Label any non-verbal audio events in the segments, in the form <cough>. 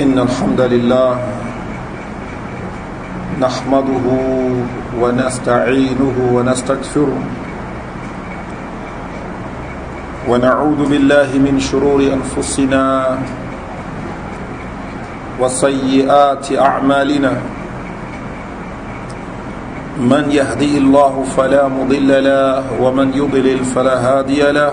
إن الحمد لله نحمده ونستعينه ونستكفره ونعوذ بالله من شرور أنفسنا وسيئات أعمالنا من يهدي الله فلا مضل له ومن يضلل فلا هادي له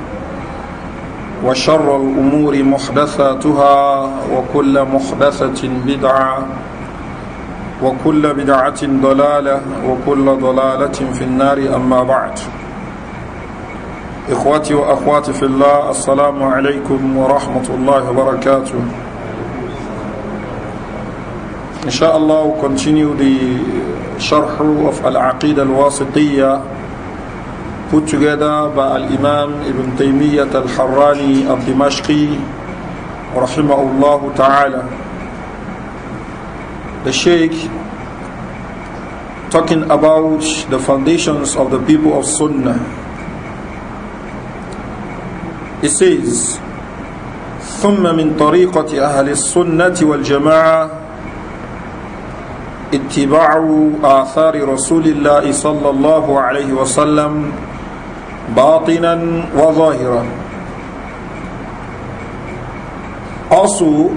وشر الأمور محدثاتها وكل محدثة بدعة وكل بدعة ضلالة وكل ضلالة في النار أما بعد إخواتي وأخواتي في الله السلام عليكم ورحمة الله وبركاته إن شاء الله continue the شرح of Al-Aqidah Al-Wasitiyah put together by Al-Imam Ibn Taymiyyah Al-Harrani of Dimashqi rahimahullah ta'ala the Sheikh talking about the foundations of the people of Sunnah He says ثم من طريقة أهل السنة والجماعة اتباع آثار رسول الله صلى الله عليه وسلم باطنا وظاهرا also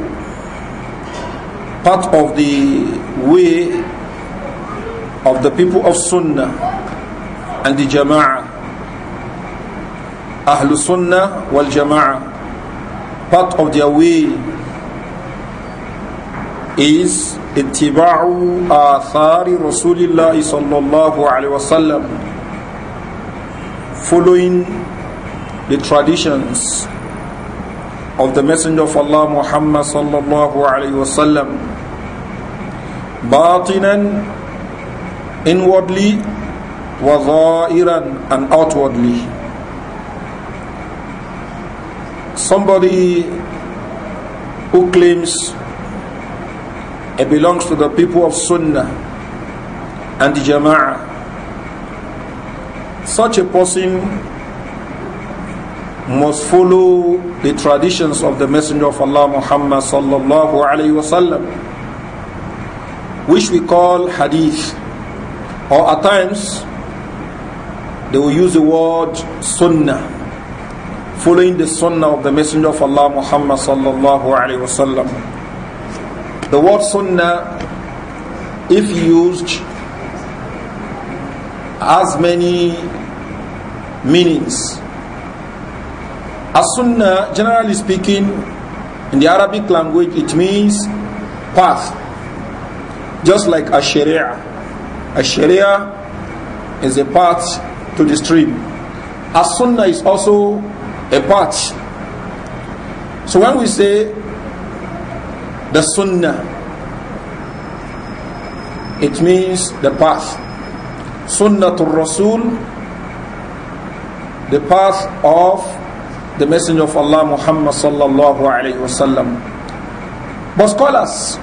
part of the way of the people of Sunnah and the Jama'ah أهل Sunnah والجماعة Jama'ah part of their way is اتباع آثار رسول الله صلى الله عليه وسلم following the traditions of the Messenger of Allah Muhammad sallallahu alayhi wasallam batinan inwardly wa zahiran and outwardly somebody who claims it belongs to the people of sunnah and the jama'ah such a person must follow the traditions of the Messenger of Allah Muhammad sallallahu alayhi wasallam, which we call hadith, or at times they will use the word sunnah, following the sunnah of the Messenger of Allah Muhammad sallallahu alayhi wasallam. The word sunnah, if used has many meanings. As sunnah, generally speaking, in the Arabic language, it means path, just like a sharia. A sharia is a path to the stream. As sunnah is also a path. So when we say the sunnah, it means the path. Sunnatul Rasul, the path of the Messenger of Allah Muhammad sallallahu alayhi wasallam. But scholars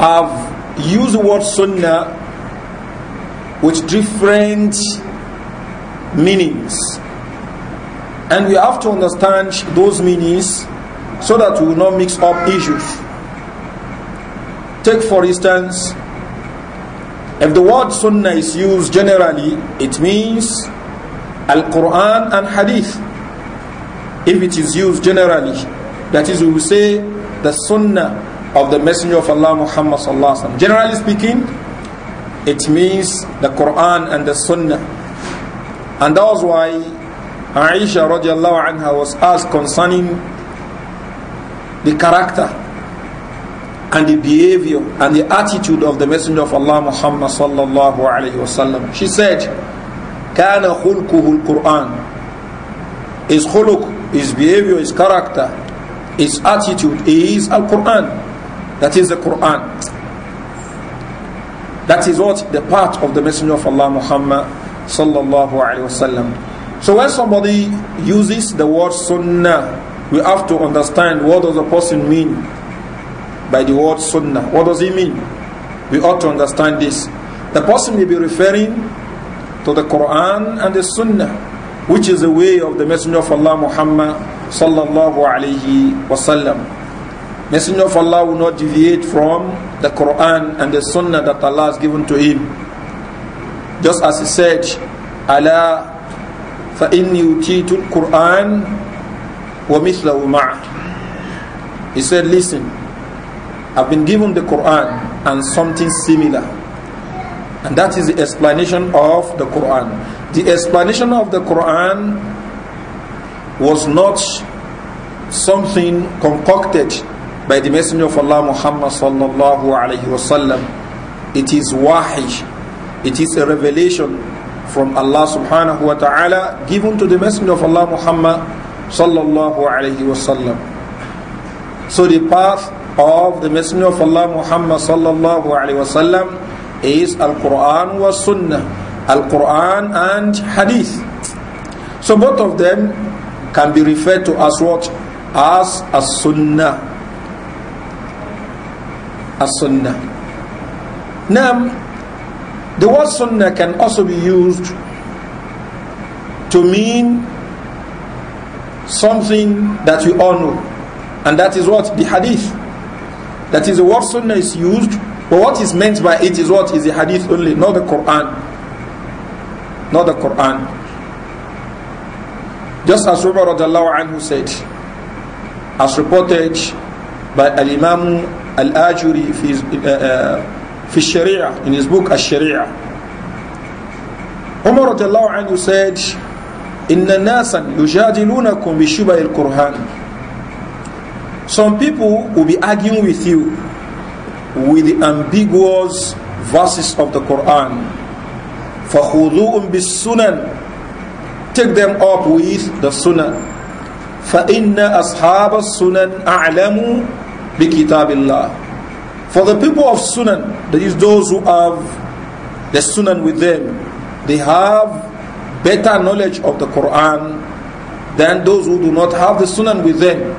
have used the word Sunnah with different meanings. And we have to understand those meanings so that we will not mix up issues. Take, for instance, if the word sunnah is used generally, it means Al-Quran and Hadith. If it is used generally, that is, we will say the sunnah of the Messenger of Allah Muhammad sallallahu alaihi wasallam. Generally speaking, it means the Quran and the sunnah. And that was why Aisha radiallahu anha was asked concerning the character and the behavior and the attitude of the Messenger of Allah Muhammad sallallahu alayhi wasallam. She said, "Kana khulquhu al-Quran." His khuluq, his behavior, his character, his attitude is al-Quran. That is the Quran. That is what the part of the Messenger of Allah Muhammad sallallahu alayhi wasallam. So when somebody uses the word sunnah, we have to understand what does the person mean by the word sunnah. What does he mean? We ought to understand this. The person may be referring to the Quran and the Sunnah, which is the way of the Messenger of Allah Muhammad sallallahu alaihi wasallam. Messenger of Allah will not deviate from the Quran and the Sunnah that Allah has given to him. Just as he said, "Allah, فإني أوتيت القرآن ومثله معه." He said, "Listen, have been given the Quran and something similar. And that is the explanation of the Quran. The explanation of the Quran was not something concocted by the Messenger of Allah Muhammad sallallahu alayhi wasallam. It is wahi. It is a revelation from Allah subhanahu wa ta'ala given to the Messenger of Allah Muhammad sallallahu alayhi wasallam. So the path of the Messenger of Allah Muhammad sallallahu alaihi wasallam is Al-Quran wa Sunnah, Al-Quran and Hadith. So both of them can be referred to as what? As a Sunnah. As Sunnah. Now, the word Sunnah can also be used to mean something that we all know, and that is what the Hadith. That is the word sunnah is used, but what is meant by it is what is the hadith only, not the Quran. Not the Quran. Just as Umar anhu said, as reported by Al Imam Al Ajuri في uh, in his book Al Sharia, Umar الله said إن الناس يجادلونكم بشبه القرآن Some people will be arguing with you with the ambiguous verses of the Quran. فَخُذُوهُمْ بِالسُّنَنِ Take them up with the sunnah. فَإِنَّ أَصْحَابَ السُّنَنِ أَعْلَمُوا بِكِتَابِ اللَّهِ For the people of sunan, that is those who have the sunan with them, they have better knowledge of the Quran than those who do not have the sunan with them.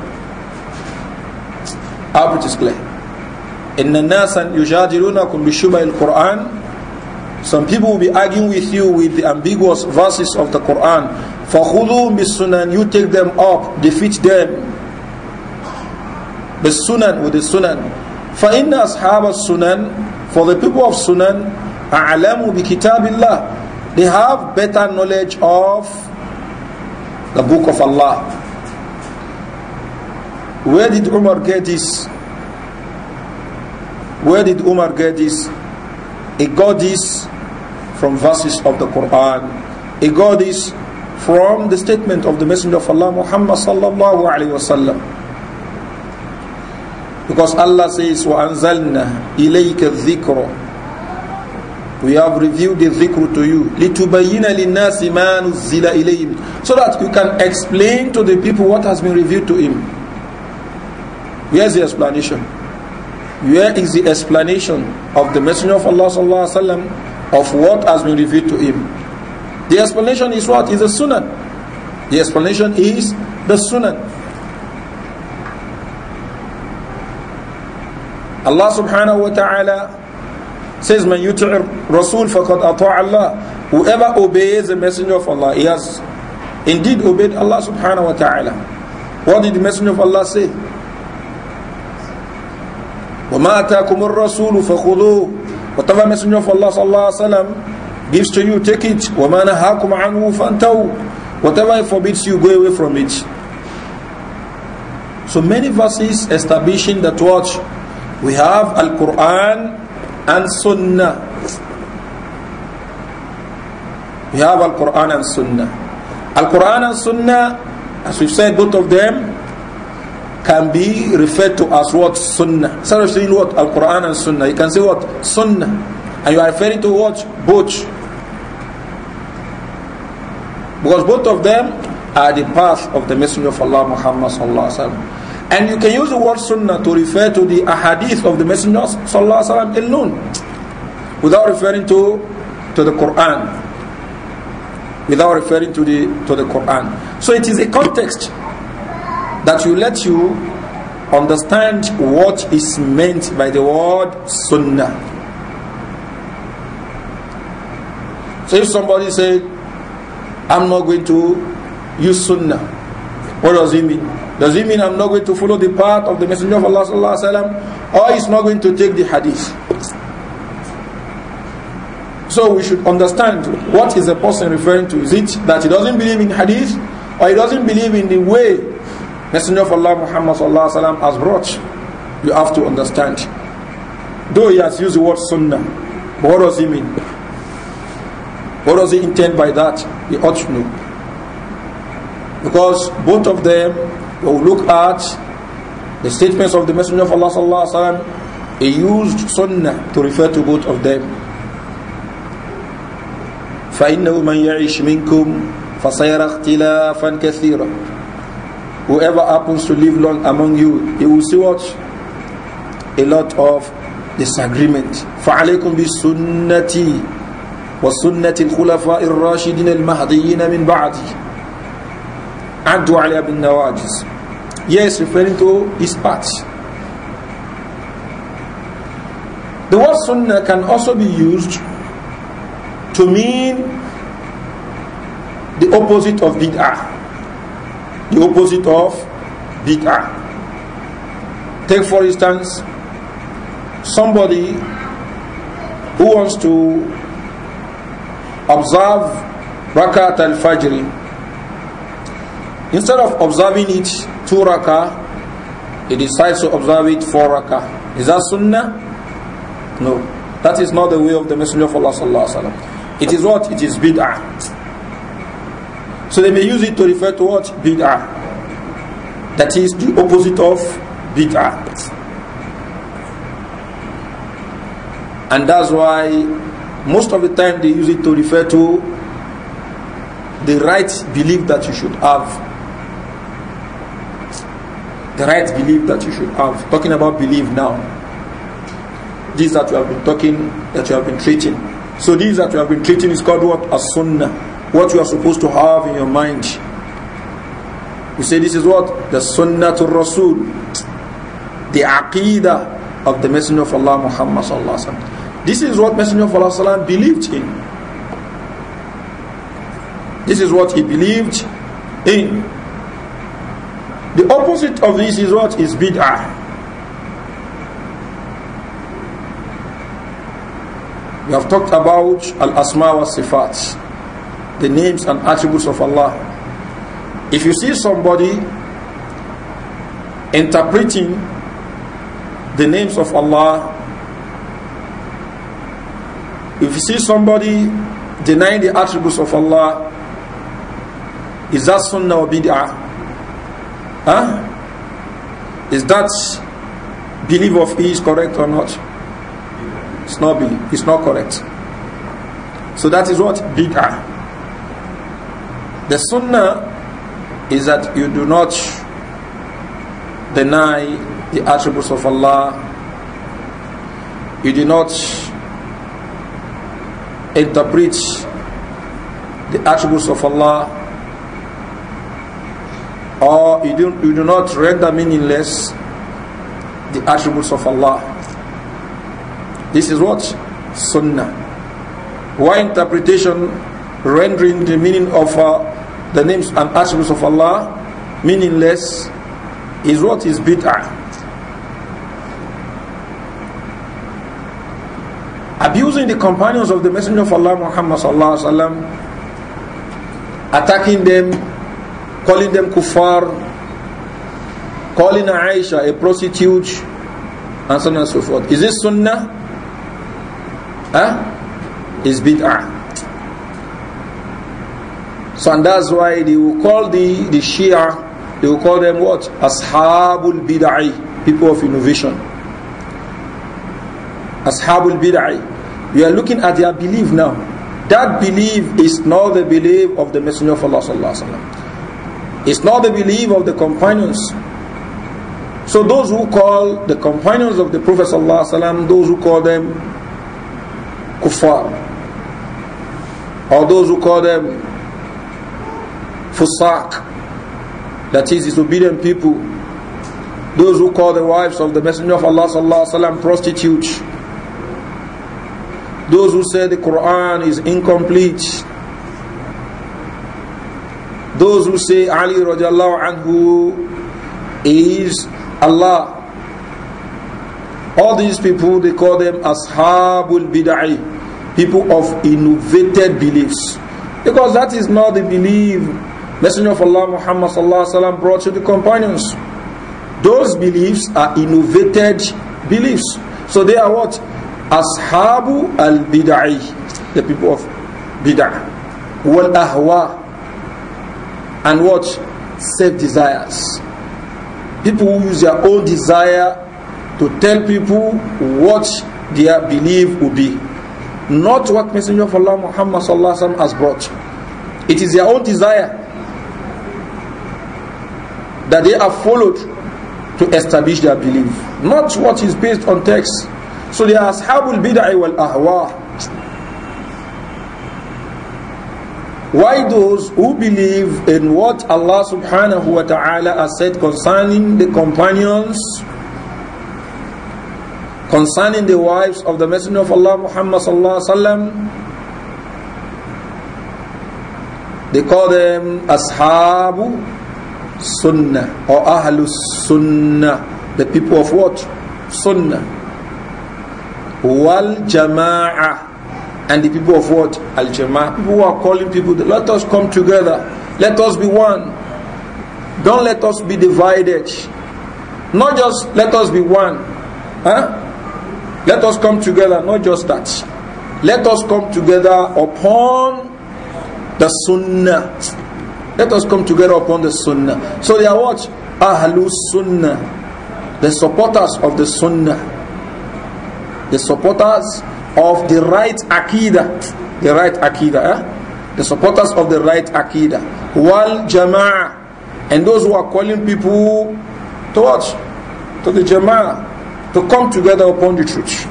I hope it is clear. إن الناس يجادلونكم بشبه القرآن Some people will be arguing with you with the ambiguous verses of the Quran. فَخُذُوا بِالسُّنَن You take them up, defeat them. The sunan with the sunan. فَإِنَّ أَصْحَابَ sunan For the people of sunan أَعْلَمُوا bi Kitabillah, They have better knowledge of the book of Allah. Where did Umar get this? Where did Umar get this? He got this from verses of the Quran. He got this from the statement of the Messenger of Allah Muhammad sallallahu alayhi wasallam. Because Allah says, وَأَنزَلْنَا إِلَيْكَ الذِّكْرَ We have revealed the dhikr to you. لِتُبَيِّنَ لِلنَّاسِ مَا نُزِّلَ إِلَيْهِمْ So that you can explain to the people what has been revealed to him. Where's the explanation. Where is the explanation of the Messenger of Allah sallallahu alaihi wasallam of what has been revealed to him? The explanation is what is the Sunnah. The explanation is the Sunnah. Allah subhanahu wa ta'ala says, Man yutir Rasul faqad ata'a Allah. Whoever obeys the messenger of Allah, he has indeed obeyed Allah subhanahu wa ta'ala. What did the messenger of Allah say? ما الرسول فخذوه whatever messenger of Allah الله عليه وسلم gives to you take it وما نهاكم عنه فانتو whatever he forbids you go away from it so many verses establishing that what we have al-Quran and sunnah we have al-Quran and sunnah al-Quran and sunnah as we said both of them can be referred to as what? Sunnah. Instead of saying what? Al-Quran and Sunnah. You can say what? Sunnah. And you are referring to what? Both. Because both of them are the path of the Messenger of Allah Muhammad sallallahu alaihi wasallam. And you can use the word Sunnah to refer to the ahadith of the Messenger sallallahu alaihi wasallam alone. Without referring to, to the Quran. Without referring to the, to the Quran. So it is a context. that will let you understand what is meant by the word sunnah. So if somebody said, I'm not going to use sunnah, what does he mean? Does he mean I'm not going to follow the path of the Messenger of Allah sallallahu alaihi wasallam, or he's not going to take the hadith? So we should understand what is the person referring to. Is it that he doesn't believe in hadith, or he doesn't believe in the way Messenger of Allah Muhammad sallallahu alaihi wasallam has brought. You have to understand. Though he has used the word sunnah, but what does he mean? What does he intend by that? He ought to know. Because both of them will look at the statements of the Messenger of Allah sallallahu alaihi wasallam he used sunnah to refer to both of them فإنه من يَعْشِ منكم فسيرى اختلافا كثيرا whoever happens to live long among you, he will see what? A lot of disagreement. فَعَلَيْكُمْ بِسُنَّتِي وَسُنَّةِ الْخُلَفَاءِ الرَّاشِدِينَ الْمَهْدِيِّينَ مِنْ بَعْدِي عَدُّوا عَلَيْهَا بِالنَّوَاجِزِ Yes, referring to his part. The word sunnah can also be used to mean the opposite of bid'ah. the opposite of bid'ah. Take for instance, somebody who wants to observe rakat al-fajr. Instead of observing it two rakah, he decides to observe it four rakah. Is that sunnah? No. That is not the way of the Messenger of Allah sallallahu alaihi wasallam. It is what? It is bid'ah. So they may use it to refer to what? Bid'ah. That is the opposite of bid'ah. And that's why most of the time they use it to refer to the right belief that you should have. The right belief that you should have. Talking about belief now. These that you have been talking, that you have been treating. So these that you have been treating is called what? as sunnah. what you are supposed to have in your mind. You say this is what? The Sunnah to Rasul. The Akida of the Messenger of Allah Muhammad sallallahu alaihi wasallam. This is what Messenger of Allah sallallahu believed in. This is what he believed in. The opposite of this is what is bid'ah. We have talked about al-asma wa sifat the names and attributes of Allah. If you see somebody interpreting the names of Allah, if you see somebody denying the attributes of Allah, is that sunnah or bid'ah? Huh? Is that belief of his is correct or not? It's not belief. It's not correct. So that is what bid'ah. The sunnah is that you do not deny the attributes of Allah. You do not interpret the attributes of Allah or you do, you do not render meaningless the attributes of Allah. This is what? Sunnah. Why interpretation rendering the meaning of uh, the names and attributes of Allah meaningless is what is bid'ah. Abusing the companions of the Messenger of Allah Muhammad sallallahu attacking them, calling them kuffar, calling Aisha a prostitute, and so on and so forth. Is this sunnah? Huh? Is bid'ah. So and that's why they will call the, the Shia, they will call them what? Ashabul Bidai, people of innovation. Ashabul Bidai. We are looking at their belief now. That belief is not the belief of the Messenger of Allah sallallahu alaihi It's not the belief of the companions. So those who call the companions of the Prophet sallallahu alaihi wasallam, those who call them kuffar, or those who call them Fusaq, that is disobedient people, those who call the wives of the Messenger of Allah sallallahu alaihi wasallam prostitutes, those who say the Quran is incomplete, those who say Ali radiallahu anhu is Allah. All these people, they call them Ashabul bidai, people of innovated beliefs. Because that is not the belief Messenger of Allah Muhammad sallallahu alaihi wasallam brought to the companions. Those beliefs are innovated beliefs. So they are what? Ashabu al-bid'ah, the people of bid'ah. Wal ahwa and what? Self desires. People who use their own desire to tell people what their belief would be. Not what Messenger of Allah Muhammad sallallahu alaihi wasallam has brought. It is their own desire that they have followed to establish their belief. Not what is based on text. So they are ashabul the wal ahwa. Why those who believe in what Allah subhanahu wa ta'ala has said concerning the companions, concerning the wives of the Messenger of Allah Muhammad sallallahu alaihi wasallam, they call them ashabu Sunnah or Ahlus Sunnah, the people of what? Sunnah. Wal Jama'a and the people of what? Al Jama'a? People who are calling people, let us come together, let us be one. Don't let us be divided. Not just let us be one. Huh? Let us come together, not just that. Let us come together upon the Sunnah Let us come together upon the sunnah. So they are what? Ahlus sunnah. The supporters of the sunnah. The supporters of the right akidah. The right akidah. Eh? The supporters of the right akidah. Wal jama'ah. And those who are calling people to what? To the jama'ah. To come together upon the truth.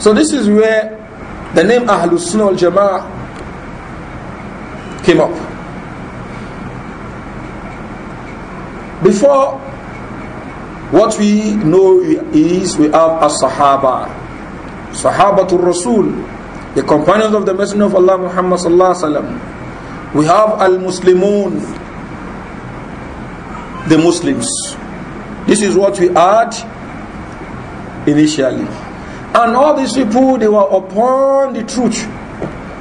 So this is where the name Ahlus Sunnah wal Jama'ah came up. Before, what we know is we have a Sahaba, Sahaba to Rasul, the companions of the Messenger of Allah Muhammad We have Al Muslimun, the Muslims. This is what we had initially. And all these people, they were upon the truth.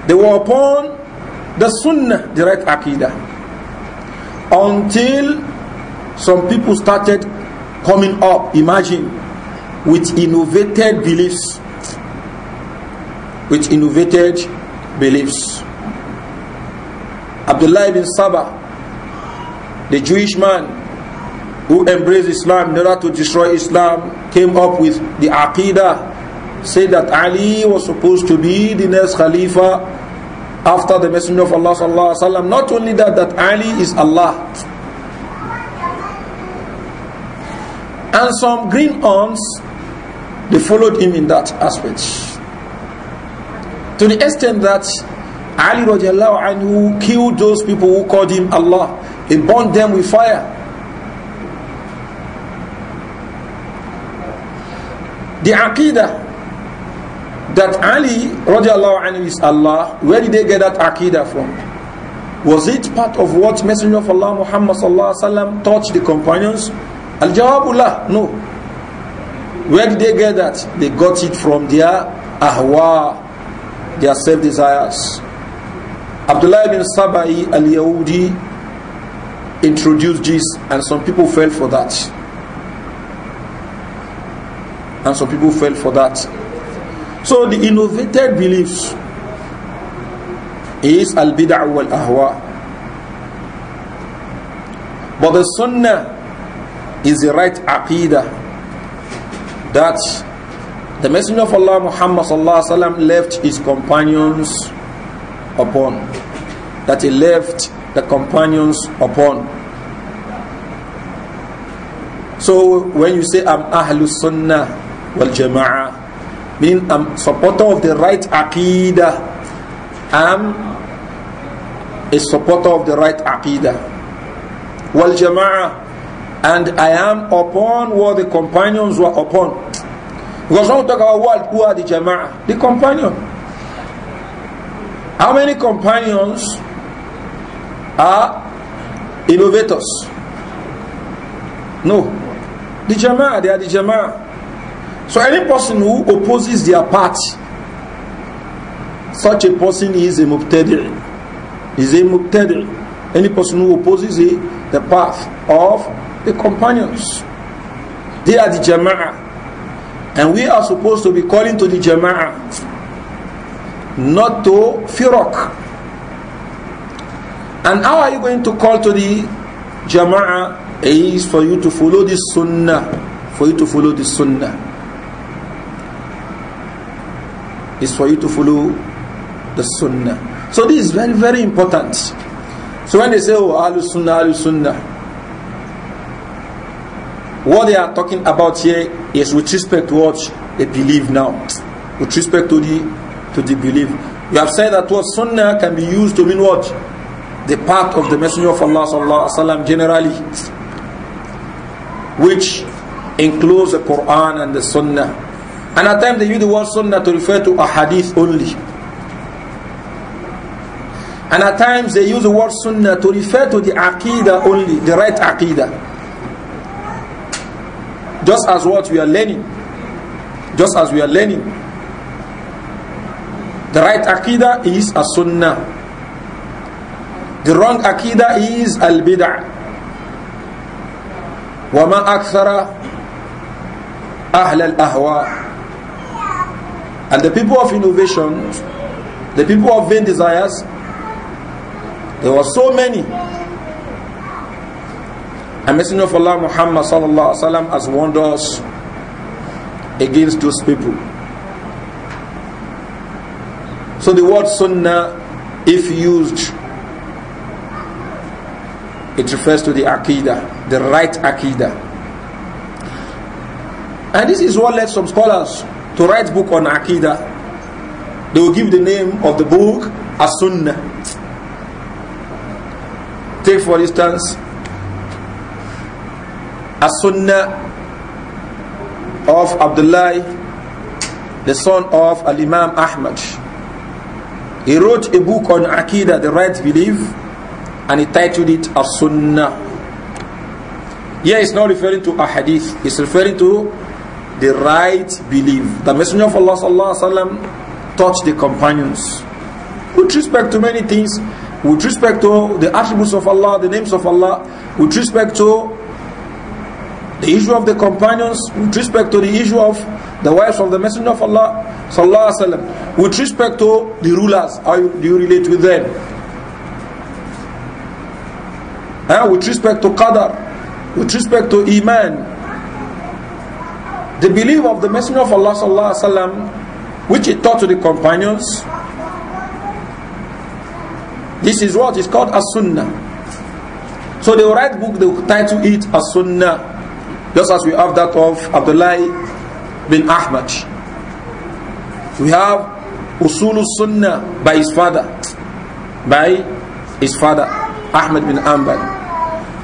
They were upon the sunnah, the right aqidah. Until some people started coming up, imagine, with innovated beliefs. With innovated beliefs. Abdullah ibn Saba, the Jewish man who embraced Islam in order to destroy Islam, came up with the Aqidah, said that Ali was supposed to be the next Khalifa after the Messenger of Allah sallallahu alaihi wasallam. Not only that, that Ali is Allah. And some green horns, they followed him in that aspect. To the extent that Ali radiallahu anhu killed those people who called him Allah. He burned them with fire. The Aqidah that Ali radiallahu anhu is Allah, where did they get that Aqidah from? Was it part of what Messenger of Allah Muhammad sallallahu alaihi wasallam taught the companions? Al-Jawabullah, no. Where did they get that? They got it from their ahwa, their self-desires. Abdullah ibn Sabai al-Yahudi introduced this and some people fell for that. And some people fell for that. So the innovated belief is al bid'ah wal ahwa. But the sunnah is the right aqidah that the Messenger of Allah Muhammad sallam, left his companions upon. That he left the companions upon. So when you say I'm Ahlus Sunnah wal Jama'ah being a supporter of the right aqidah. I'm a supporter of the right aqidah. Wal jama'ah. And I am upon what the companions were upon. Because when we talk about what, who are the jama'ah? The companion. How many companions are innovators? No. The jama'ah, they are the jama'ah. So any person who opposes their party, such a person is a mubtadi', is a mubtadi'. Any person who opposes the, the path of the companions, they are the jama'ah. And we are supposed to be calling to the jama'ah, not to firaq. And how are you going to call to the jama'ah? Is for you to follow the sunnah, for you to follow the sunnah. is for you to follow the sunnah. So this is very, very important. So when they say, oh, Ahlul Sunnah, Ahlul Sunnah, what they are talking about here is with respect to what they believe now, with respect to the, to the belief. We have said that what Sunnah can be used to mean what? The path of the Messenger of Allah sallallahu alaihi wasallam generally, which includes the Quran and the Sunnah. And at times they use the word sunnah to refer to a hadith only. And at times they use the word sunnah to refer to the aqidah only, the right aqidah. Just as what we are learning. Just as we are learning. The right aqidah is a sunnah. The wrong aqidah is al bid'ah. وما أكثر أهل الأهواء and the people of innovation, the people of vain desires, there were so many. And Messenger of Allah Muhammad sallallahu alaihi wasallam has warned us against those people. So the word sunnah, if used, it refers to the aqidah, the right aqidah. And this is what led some scholars to write book on Aqidah, they will give the name of the book as Sunnah. Take for instance, as Sunnah of Abdullah, the son of Al Imam Ahmad. He wrote a book on Aqidah, the right belief, and he titled it As Sunnah. Here it's not referring to a hadith, it's referring to the right belief. The Messenger of Allah sallallahu alaihi wasallam taught the companions with respect to many things, with respect to the attributes of Allah, the names of Allah, with respect to the issue of the companions, with respect to the issue of the wives of the Messenger of Allah sallallahu alaihi wasallam, with respect to the rulers, how do you relate with them? Uh, with respect to qadar, with respect to iman, the belief of the Messenger of Allah sallallahu alaihi wasallam, which he taught to the companions. This is what is called as sunnah. So they will write book, they will title it as sunnah, just as we have that of Abdullah bin Ahmad. We have usul sunnah by his father, by his father Ahmad bin Ambal.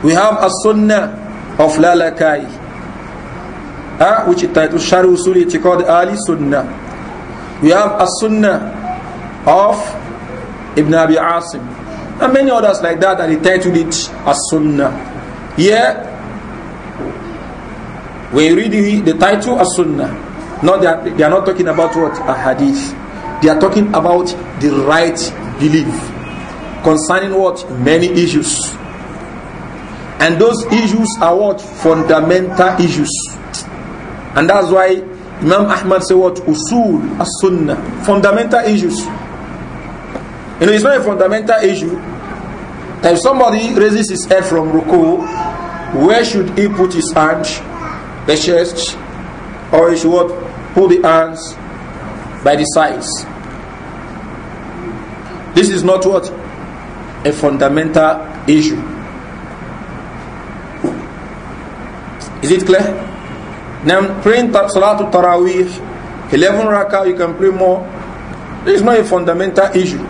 We have as sunnah of Lalakai uh, which is titled Shari Usul called Ali Sunnah. We have a Sunnah of Ibn Abi Asim and many others like that that he titled it a Sunnah. Here we read the, the title a Sunnah. No, they are, they are not talking about what a hadith. They are talking about the right belief concerning what many issues. And those issues are what? Fundamental issues. And that's why Imam Ahmad said what? Usul as sunnah. Fundamental issues. You know, it's not a fundamental issue. If somebody raises his head from ruku, where should he put his hand? The chest? Or he should what? Put the hands by the sides. This is not what? A fundamental issue. Is it clear? Now praying Salatul Taraweeh, 11 rakah, you can pray more. This is not a fundamental issue.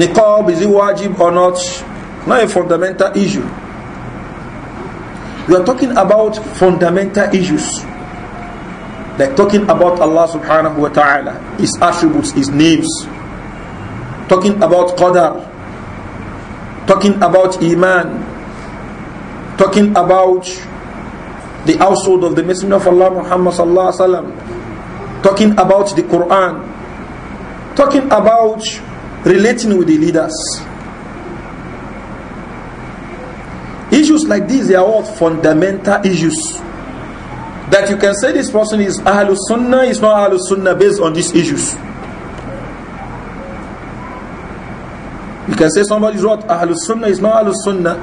Niqab, is it wajib or not? Not a fundamental issue. We are talking about fundamental issues. Like talking about Allah subhanahu wa ta'ala, His attributes, His names. Talking about Qadar. Talking about Iman talking about the household of the Messenger of Allah Muhammad sallallahu alaihi wasallam, talking about the Quran, talking about relating with the leaders. Issues like these, they are all fundamental issues. That you can say this person is Ahlul Sunnah, is not Ahlul Sunnah based on these issues. You can say somebody is not Ahlul Sunnah, is not Ahlul Sunnah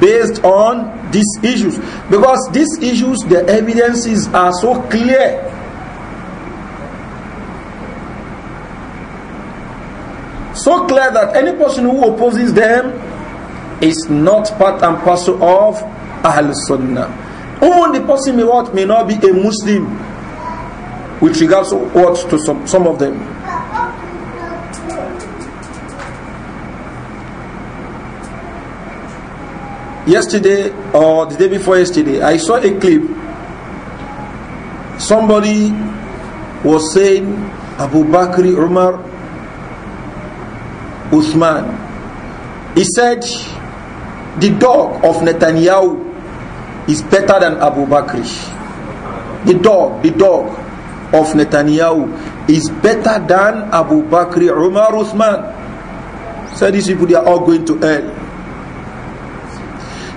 based on these issues because these issues the evidences are so clear so clear that any person who opposes them is not part and parcel of Ahl Sunnah. Only person may, what, may not be a Muslim with regards to, what, to some, some of them. yesterday or the day before yesterday, I saw a clip. Somebody was saying Abu Bakr, Umar, Uthman. He said, the dog of Netanyahu is better than Abu Bakr. The dog, the dog of Netanyahu is better than Abu Bakr, Umar, Uthman. Said these people, they are all going to hell.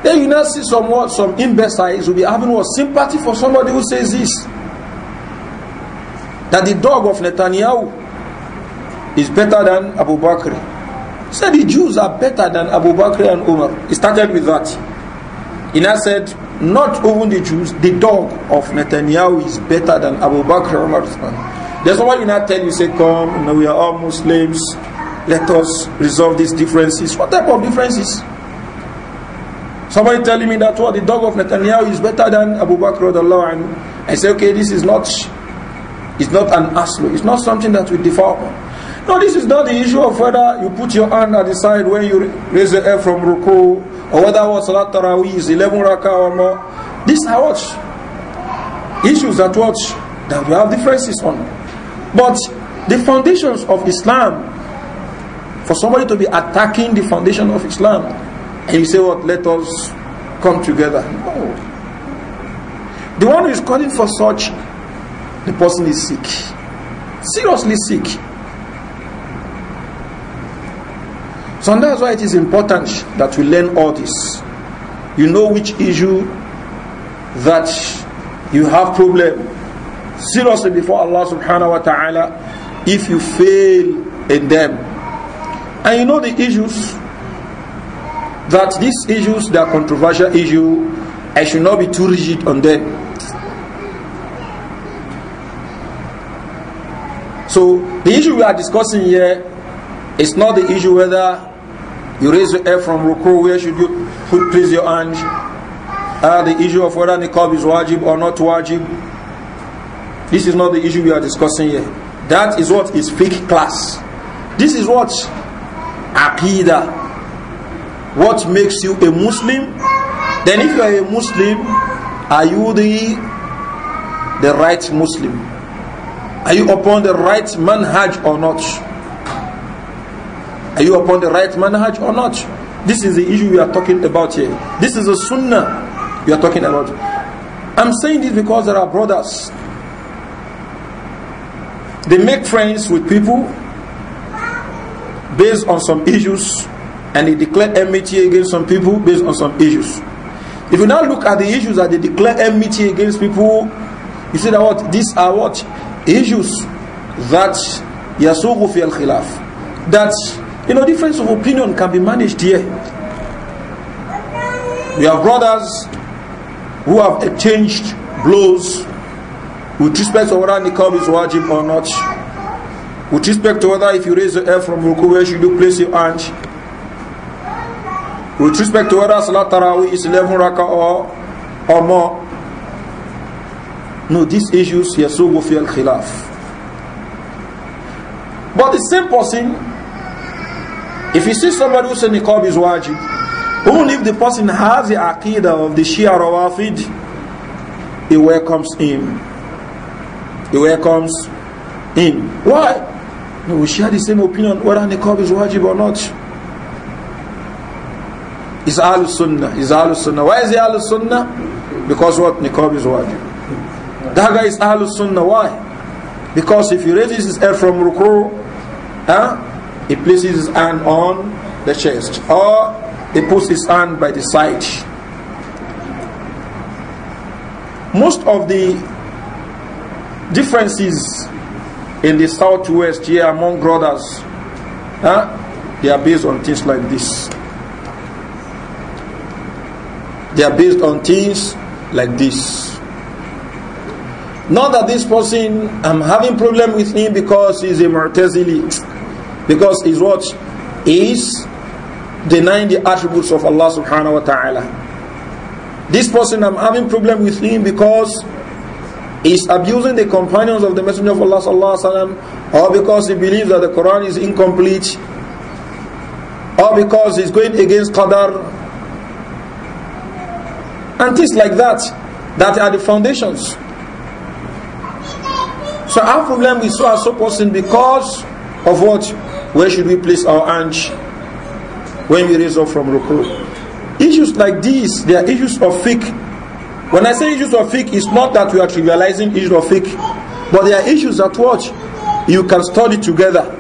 Then you now see some what some imbeciles will be having what sympathy for somebody who says this. That the dog of Netanyahu is better than Abu Bakr. Said the Jews are better than Abu Bakr and Umar. He started with that. He now said, not even the Jews, the dog of Netanyahu is better than Abu Bakr and Umar. That's why you now tell you, say, come, you know, we are all Muslims, let us resolve these differences. What type of differences? Somebody telling me that what the dog of Netanyahu is better than Abu Bakr anhu. I say, okay, this is not it's not an aslu. It's not something that we differ upon. No, this is not the issue of whether you put your hand at the side when you raise the air from ruku or whether what salat tarawih is 11 rakah or more. These are what issues that what that we have differences on. But the foundations of Islam, for somebody to be attacking the foundation of Islam, And you say, What? Let us come together. No. The one who is calling for such, the person is sick. Seriously sick. So that's why it is important that we learn all this. You know which issue that you have problem seriously before Allah subhanahu wa ta'ala if you fail in them. And you know the issues that these issues, they are controversial issue. I should not be too rigid on them. So the issue we are discussing here is not the issue whether you raise your hair from ruku, where should you put place your hand? Uh, the issue of whether niqab is wajib or not wajib. This is not the issue we are discussing here. That is what is fake class. This is what aqidah what makes you a Muslim, then if you are a Muslim, are you the, the right Muslim? Are you upon the right manhaj or not? Are you upon the right manhaj or not? This is the issue we are talking about here. This is a sunnah we are talking about. I'm saying this because there are brothers. They make friends with people based on some issues and they declare enmity against some people based on some issues. If you now look at the issues that they declare enmity against people, you see that what these are what issues that yasughu fi al-khilaf that you know difference of opinion can be managed here. We have brothers who have exchanged blows with respect to whether niqab is wajib or not. With respect to whether if you raise your air from ruku, where should you place your hand? with respect to whether Salat Tarawih is 11 raka or, or more. No, these issues, yasugu fi al-khilaf. But the same person, if you see somebody who says niqab is wajib, even if the person has the aqidah of the Shia Rawafid, he welcomes him. He welcomes him. Why? No, we share the same opinion whether niqab is wajib or not is Ahlul Sunnah. Is Ahlul Sunnah. Why is he Ahlul Sunnah? Because what? Niqab is wajib. That guy is Ahlul Sunnah. Why? Because if he raises his head from ruku, huh, he places his hand on the chest. Or he puts his hand by the side. Most of the differences in the southwest here among brothers, huh, they are based on things like this. they are based on things like this. Not that this person, I'm having problem with him because he's a Mu'tazili. Because he's what? He's denying the attributes of Allah subhanahu wa ta'ala. This person, I'm having problem with him because he's abusing the companions of the Messenger of Allah sallallahu alaihi wasallam, or because he believes that the Quran is incomplete, or because he's going against Qadar, and things like that that are the foundations. So our problem with so and so person because of what? Where should we place our hand when we raise up from ruku? Issues like these, they are issues of fiqh. When I say issues of fiqh, it's not that we are trivializing issues of fiqh, but there are issues that what you can study together.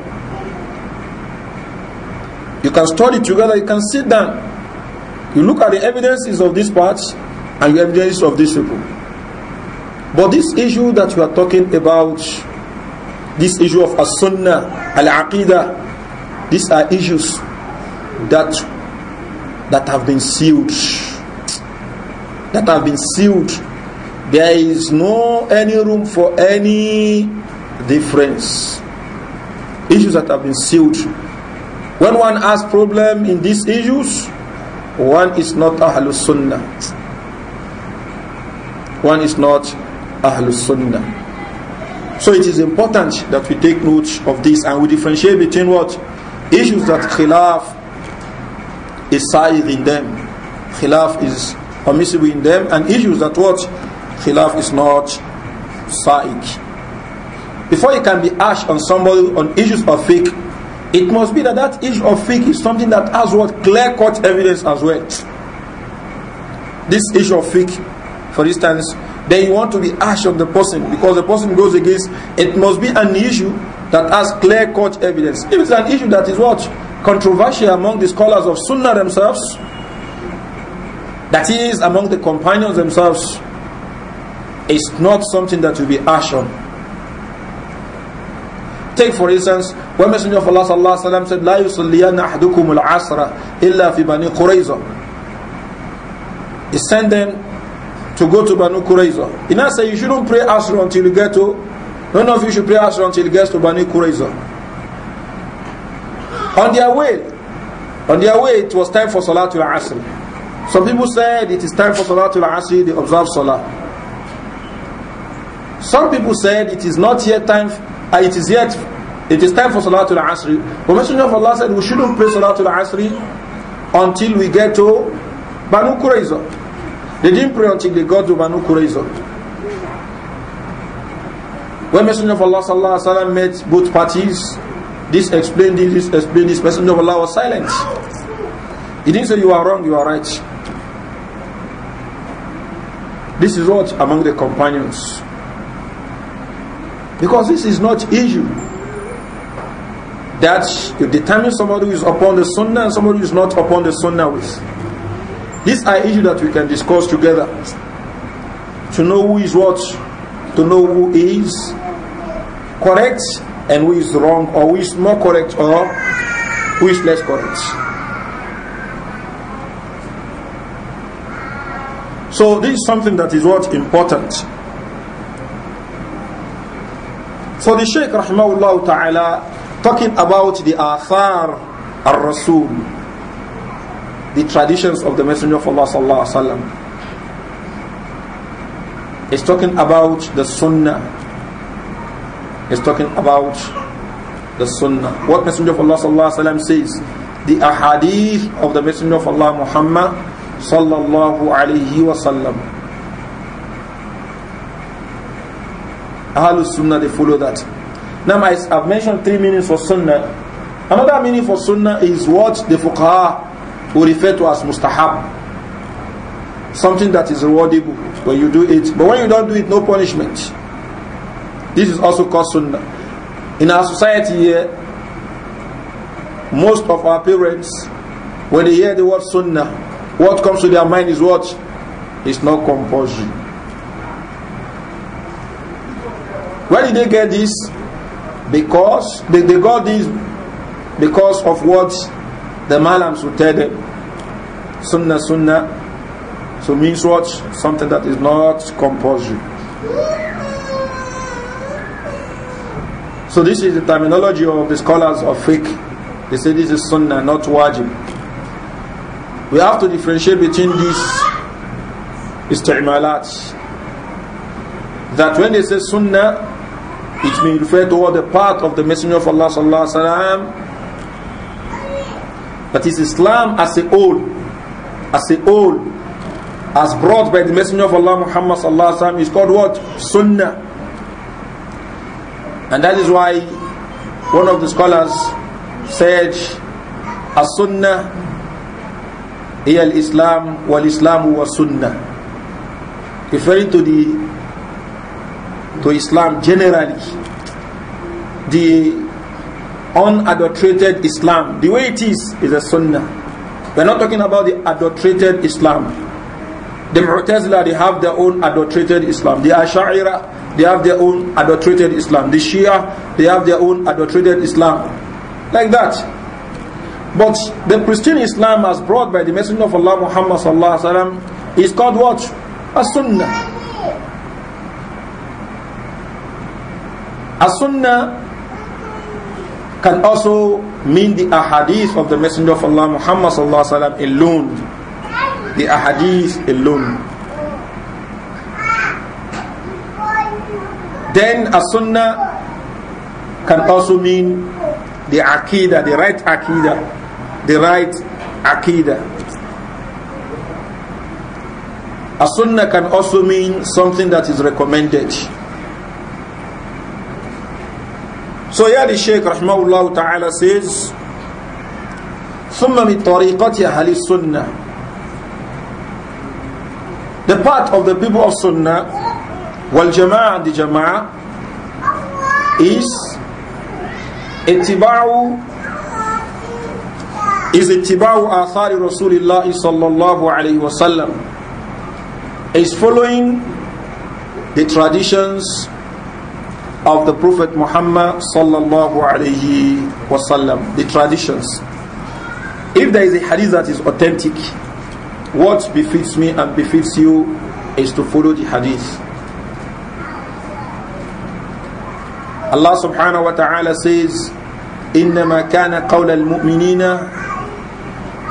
You can study together, you can sit down. You look at the evidences of these parts and the evidence of these people. But this issue that we are talking about, this issue of as-sunnah, al-aqidah, these are issues that that have been sealed. That have been sealed. There is no any room for any difference. Issues that have been sealed. When one has problem in these issues, one is not Ahlul Sunnah one is not ahlus Sunnah. So it is important that we take note of this and we differentiate between what? Issues that Khilaf is sided in them. Khilaf is permissible in them and issues that what? Khilaf is not sa'id. Before you can be harsh on somebody on issues of fiqh, it must be that that issue of fiqh is something that has what clear-cut evidence as well. This issue of fiqh for instance, then you want to be harsh on the person because the person goes against it must be an issue that has clear cut evidence. If it's an issue that is what? Controversial among the scholars of Sunnah themselves, that is, among the companions themselves, it's not something that will be harsh on. Take for instance, when Messenger of Allah said, "La yusalliyanna al-asra illa fi bani Qurayza." He sent them to go to Banu Qurayza. He now said, you shouldn't pray Asr until you get to, none of you should pray Asr until you get to Banu Qurayza. On their way, on their way, it was time for Salah Salatul Asr. Some people said it is time for Salah Salatul Asr, they observe Salah. Some people said it is not yet time, uh, it is yet, it is time for Salah Salatul Asr. But Messenger of Allah said we shouldn't pray Salah Salatul Asr until we get to Banu Qurayza. They didn't pray until they got to Banu Qurayza. When Messenger of Allah sallallahu alaihi wasallam met both parties, this explained this, this explained this. Messenger of Allah was silent. He didn't say you are wrong, you are right. This is what among the companions. Because this is not issue that you determine somebody who is upon the sunnah and somebody who is not upon the sunnah with. These are issues that we can discuss together. To know who is what, to know who is correct and who is wrong, or who is more correct or who is less correct. So this is something that is what important. So the Shaykh Rahmahullah Ta'ala talking about the Athar al-Rasul the traditions of the Messenger of Allah sallallahu alaihi wasallam. It's talking about the Sunnah. It's talking about the Sunnah. What Messenger of Allah sallallahu alaihi wasallam says, the ahadith of the Messenger of Allah Muhammad sallallahu alaihi wasallam. Ahlul Sunnah they follow that. Now I've mentioned three meanings for Sunnah. Another meaning for Sunnah is what the Fuqaha we refer to as mustahab, something that is rewardable when you do it. But when you don't do it, no punishment. This is also called sunnah. In our society here, most of our parents, when they hear the word sunnah, what comes to their mind is what? is not compulsory. Where did they get this? Because they, they got this because of what the Malams would tell them. Sunnah, sunnah. So means what? Something that is not compulsory. So this is the terminology of the scholars of fiqh. They say this is sunnah, not wajib. We have to differentiate between these isti'malat. That when they say sunnah, it may refer to all the part of the Messenger of Allah sallallahu alaihi wasallam. That is Islam as a whole. as a whole, as brought by the Messenger of Allah Muhammad sallallahu alaihi wasallam, is called what? Sunnah. And that is why one of the scholars said, "As-Sunnah Al Islam هي Islam والإسلام Sunnah, Referring to the to Islam generally, the unadulterated Islam, the way it is, is a Sunnah. We're not talking about the adulterated Islam. The Mu'tazila, they have their own adulterated Islam. The Ash'ira, they have their own adulterated Islam. The Shia, they have their own adulterated Islam. Like that. But the pristine Islam as brought by the Messenger of Allah Muhammad sallallahu alaihi wasallam is called what? A Sunnah. A Sunnah can also mean the ahadith of the Messenger of Allah Muhammad sallallahu alone. The ahadith alone. Then a sunnah can also mean the akida, the right akida, the right akida. A sunnah can also mean something that is recommended. So here the Shaykh Rahmahullah Ta'ala says, ثم من طريقة أهل السنة The part of the people of Sunnah وَالْجَمَاعَ and the Jama'a, is اتباع is اتباع آثار رسول الله صلى الله عليه وسلم is following the traditions of the Prophet Muhammad sallallahu alayhi wasallam, the traditions. If there is a hadith that is authentic, what befits me and befits you is to follow the hadith. Allah subhanahu wa ta'ala says, إنما كان قول المؤمنين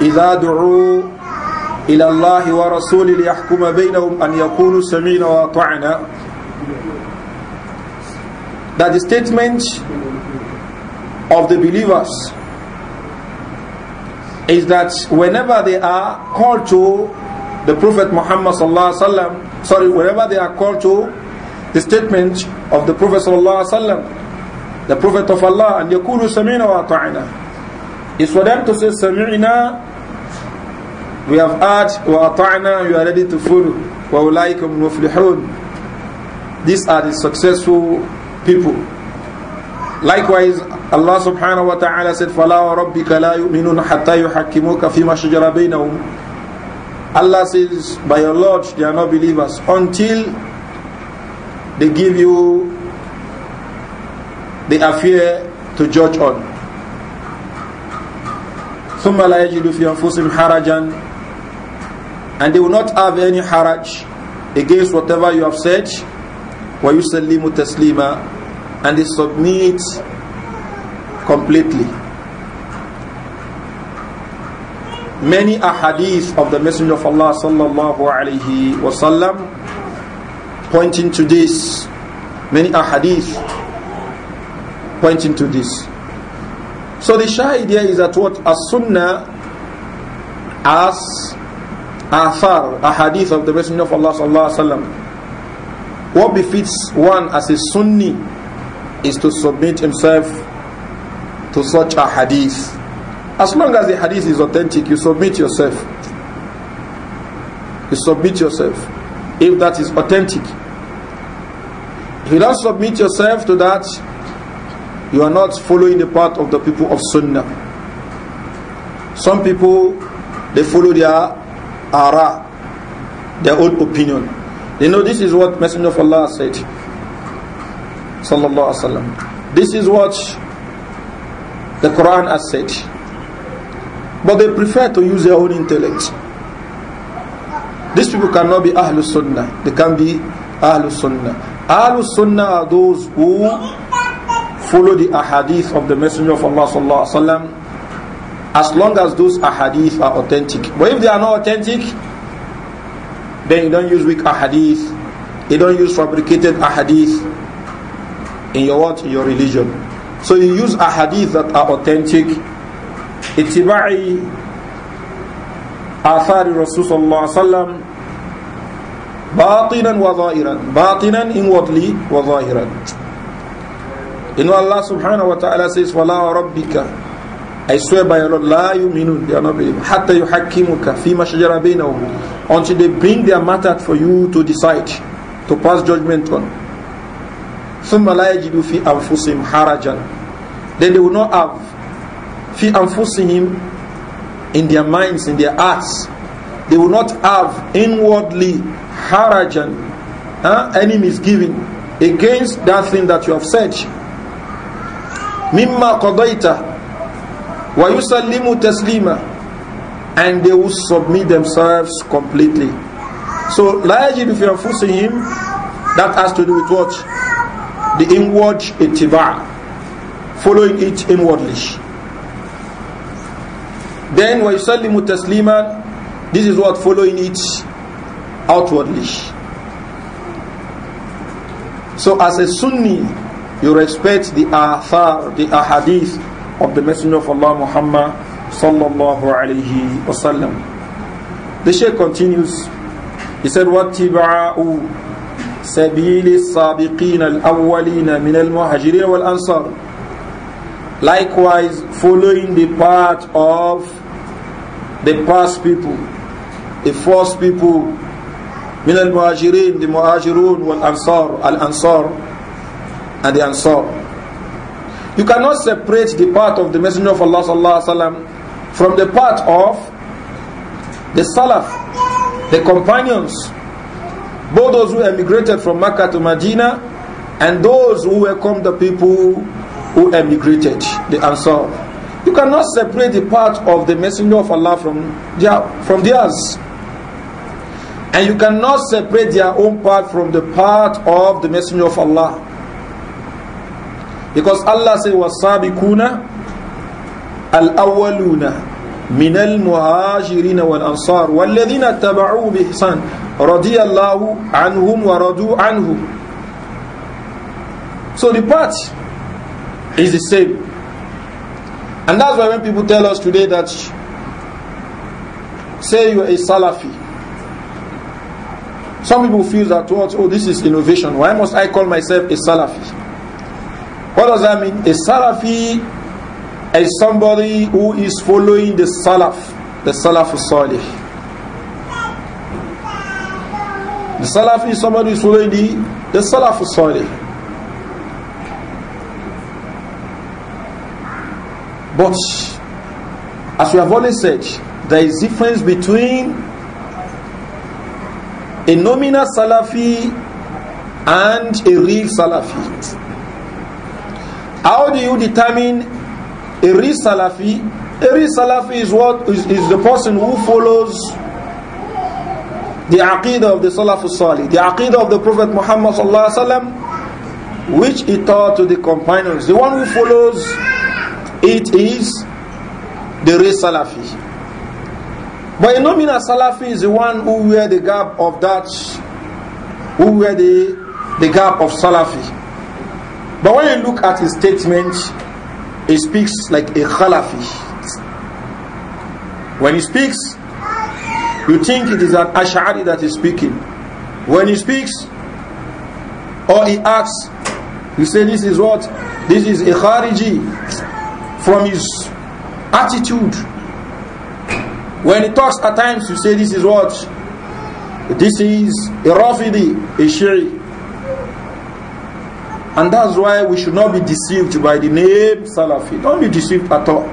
إذا دعوا إلى الله ورسوله ليحكم بينهم أن يقولوا سمعنا وأطعنا that the statement of the believers is that whenever they are called to the Prophet Muhammad sallallahu alaihi wasallam, sorry, whenever they are called to the statement of the Prophet sallallahu alaihi wasallam, the Prophet of Allah, and yakulu samina wa ta'ina, is for them to say samina, we have heard wa ta'ina, we are ready to follow, wa ulaikum muflihun. These are the successful people. Likewise, Allah subhanahu wa ta'ala said, فَلَا رَبِّكَ لَا يُؤْمِنُونَ حَتَّى يُحَكِّمُوكَ فِي مَا بَيْنَهُمْ Allah says, by your Lord, they are not believers, until they give you the affair to judge on. ثُمَّ لَا يَجِدُ فِي أَنفُسِهِمْ حَرَجًا And they will not have any haraj against whatever you have said, وَيُسَلِّمُ تَسْلِيمًا and they submit completely. Many ahadith of the Messenger of Allah sallallahu alayhi wasallam pointing to this. Many ahadith pointing to this. So the Shah idea is that what as sunnah as athar, ahadith of the Messenger of Allah sallallahu alayhi wasallam, what befits one as a sunni is to submit himself to such a hadith. As long as the hadith is authentic, you submit yourself. You submit yourself. If that is authentic, if you don't submit yourself to that, you are not following the path of the people of Sunnah. Some people, they follow their ara, their own opinion. They know this is what Messenger of Allah said sallallahu alaihi wasallam. This is what the Quran has said. But they prefer to use their own intellect. These people cannot be Ahlul Sunnah. They can be Ahlul Sunnah. Ahlul Sunnah are those who follow the ahadith of the Messenger of Allah sallallahu alaihi wasallam as long as those ahadith are authentic. But if they are not authentic, then you don't use weak ahadith, you don't use fabricated ahadith, in your what? In your religion. So you use a hadith that are authentic. Itiba'i athari Rasul sallallahu alaihi wasallam batinan wa zahiran. Batinan inwardly wa zahiran. In know Allah subhanahu wa ta'ala says, وَلَا رَبِّكَ I swear by Allah, la yuminun, they are not believing. Hatta yuhakimuka fima shajara bainahum. Until they bring their matter for you to decide, to pass judgment on. ثم لا يجدوا في أنفسهم حرجا then they will not have في أنفسهم in their minds in their hearts they will not have inwardly harajan huh, any misgiving against that thing that you have said mimma qadaita wa yusallimu taslima and they will submit themselves completely so la yajidu fi anfusihim that has to do with what the inward ittiba following it inwardly then wa yusallimu tasliman this is what following it outwardly so as a sunni you respect the athar the ahadith of the messenger of Allah Muhammad sallallahu alayhi wasallam the shaykh continues he said what tiba'u سبيل السابقين الأولين من المهاجرين والأنصار likewise following the path of the past people the first people من المهاجرين the مهاجرون والأنصار الأنصار and the Ansar you cannot separate the part of the messenger of Allah sallallahu alaihi wasallam from the part of the Salaf the companions both those who emigrated from Mecca to Medina and those who welcomed the people who emigrated, the Ansar. You cannot separate the part of the Messenger of Allah from, their, from theirs. And you cannot separate their own part from the part of the Messenger of Allah. Because Allah says, وَالسَّابِكُونَ الْأَوَّلُونَ مِنَ الْمُهَاجِرِينَ وَالْأَنصَارِ وَالَّذِينَ اتَّبَعُوا بِإِحْسَانِ radiyallahu anhum wa radu anhu. So the part is the same. And that's why when people tell us today that say you're a Salafi, some people feel that what oh this is innovation. Why must I call myself a Salafi? What does that mean? A Salafi is somebody who is following the Salaf, the Salaf Salih. Salafi Salaf is somebody who's following the, the Salaf Salih. But as we have always said, there is difference between a nominal Salafi and a real Salafi. How do you determine a real Salafi? A real Salafi is what is, is the person who follows the aqidah of the Salafus Salih, the aqidah of the Prophet Muhammad sallallahu alaihi wasallam, which he taught to the companions. The one who follows it is the real Salafi. But a nominal Salafi is the one who wear the garb of that, who wear the, the garb of Salafi. But when you look at his statement, he speaks like a Khalafi. When he speaks, you think it is an Ash'ari that is speaking. When he speaks or he acts, you say this is what? This is a Khariji from his attitude. When he talks at times, you say this is what? This is a Rafidi, a Shiri. And that's why we should not be deceived by the name Salafi. Don't be deceived at all.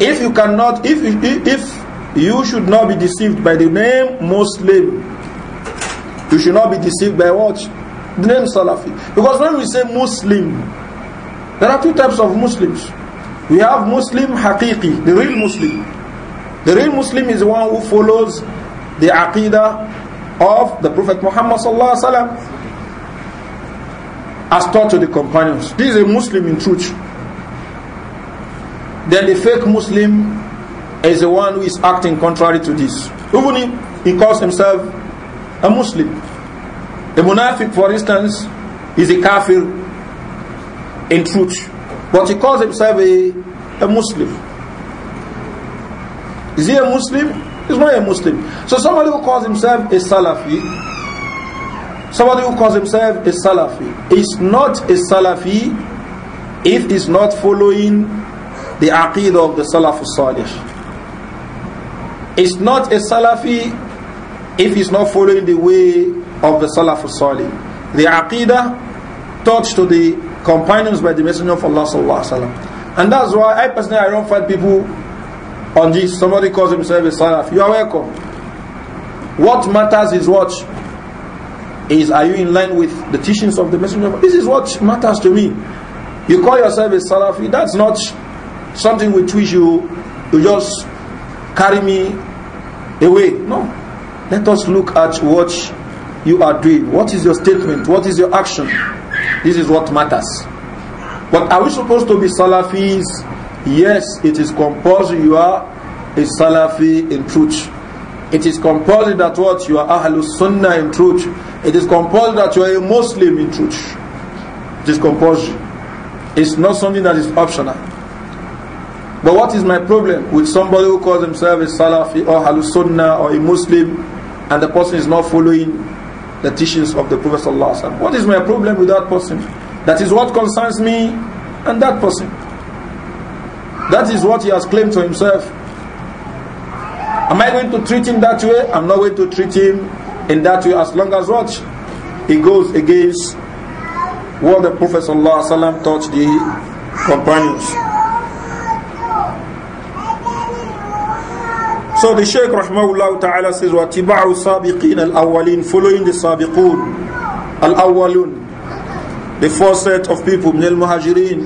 If you cannot, if, if, if You should not be deceived by the name Muslim. You should not be deceived by what? The name Salafi. Because when we say Muslim, there are two types of Muslims. We have Muslim Haqiqi, the real Muslim. The real Muslim is the one who follows the Aqidah of the Prophet Muhammad sallallahu alaihi wasallam as taught to the companions. This is a Muslim in truth. Then the fake Muslim is the one who is acting contrary to this. Even if he calls himself a Muslim. A munafiq, for instance, is a kafir in truth. But he calls himself a, a Muslim. Is he a Muslim? He's not a Muslim. So somebody who calls himself a Salafi, somebody who calls himself a Salafi, is not a Salafi if he's not following the aqidah of the Salafus Salih is not a Salafi if he's not following the way of the Salaf Salih. The Aqidah taught to the companions by the Messenger of Allah Sallallahu Alaihi Wasallam. And that's why I personally I don't find people on this. Somebody calls himself a Salaf. You are welcome. What matters is what? Is are you in line with the teachings of the Messenger of Allah? This is what matters to me. You call yourself a Salafi, that's not something with which you, you just carry me away. No. Let us look at what you are doing. What is your statement? What is your action? This is what matters. But are we supposed to be Salafis? Yes, it is compulsory you are a Salafi in truth. It is compulsory that what you are Ahlus Sunnah in truth. It is compulsory that you are a Muslim in truth. It is compulsory. It's not something that is optional. But what is my problem with somebody who calls himself a Salafi or Halusunnah or a Muslim and the person is not following the teachings of the Prophet ﷺ? What is my problem with that person? That is what concerns me and that person. That is what he has claimed to himself. Am I going to treat him that way? I'm not going to treat him in that way as long as what? He goes against what the Prophet ﷺ taught the companions. So the Sheikh Rahmahullah Ta'ala says, وَاتِبَعُ السَّابِقِينَ الْأَوَّلِينَ Following the Sabiqun, Al-Awwalun, the first set of people, من المهاجرين,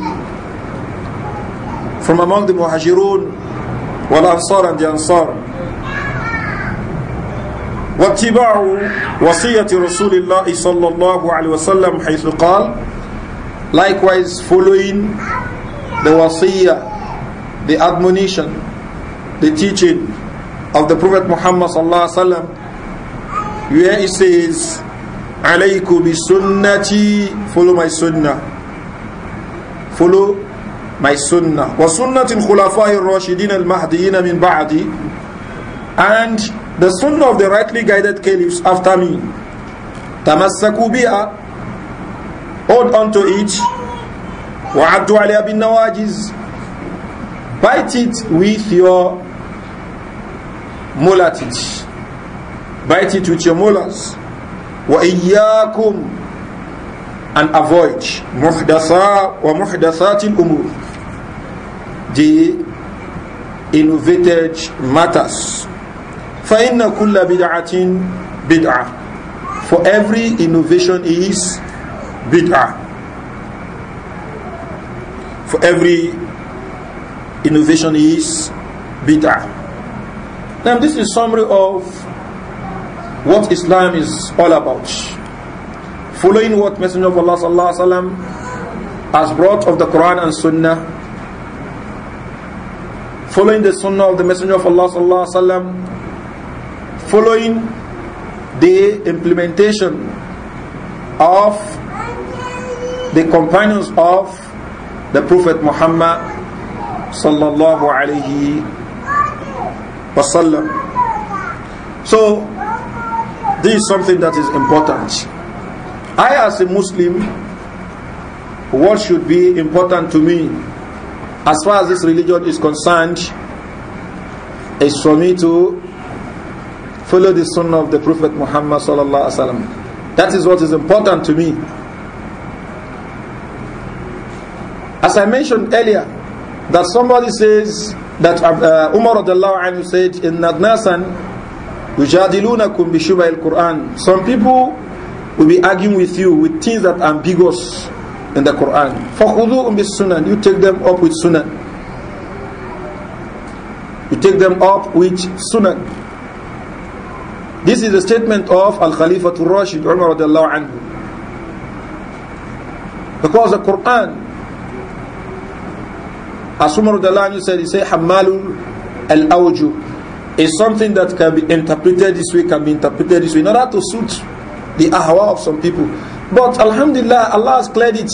from among the Muhajirun, والأنصار and the Ansar. واتباع وصية رسول الله صلى الله عليه وسلم حيث قال likewise following the wasiyah the admonition the teaching of the Prophet Muhammad sallallahu alaihi wasallam, where he says, "Alaykum bi sunnati, follow my sunnah, follow my sunnah, wa sunnatin khulafa'ir rashidin al-mahdiyyin min ba'di, and the sunnah of the rightly guided caliphs after me." Tamassaku biha, hold on to it, wa addu alayha bin nawajiz, bite it with your bite it with your molars. wa iyakum and avoid muhdasa wa muhdasatil umur di innovated matters fa inna kulla bid'atin bid'a for every innovation is bid'a for every innovation is bid'ah now this is summary of what Islam is all about. Following what Messenger of Allah sallallahu alaihi wasallam has brought of the Quran and Sunnah. Following the Sunnah of the Messenger of Allah sallallahu alaihi wasallam. Following the implementation of the companions of the Prophet Muhammad sallallahu alaihi wasallam. So this is something that is important. I as a Muslim, what should be important to me as far as this religion is concerned is for me to follow the sunnah of the Prophet Muhammad sallallahu alaihi wasallam. That is what is important to me. As I mentioned earlier, that somebody says that uh, uh Umar anhu said in Nadnasan yujadilunakum bi shubha quran some people will be arguing with you with things that are ambiguous in the Quran fakhudhuhum umi sunan you take them up with sunan you take them up with sunan this is a statement of Al-Khalifa Rashid Umar anhu because the Quran as Umar Dalani said, he said, Hamalul al awju is something that can be interpreted this way, can be interpreted this way, in order to suit the ahwa of some people. But Alhamdulillah, Allah has cleared it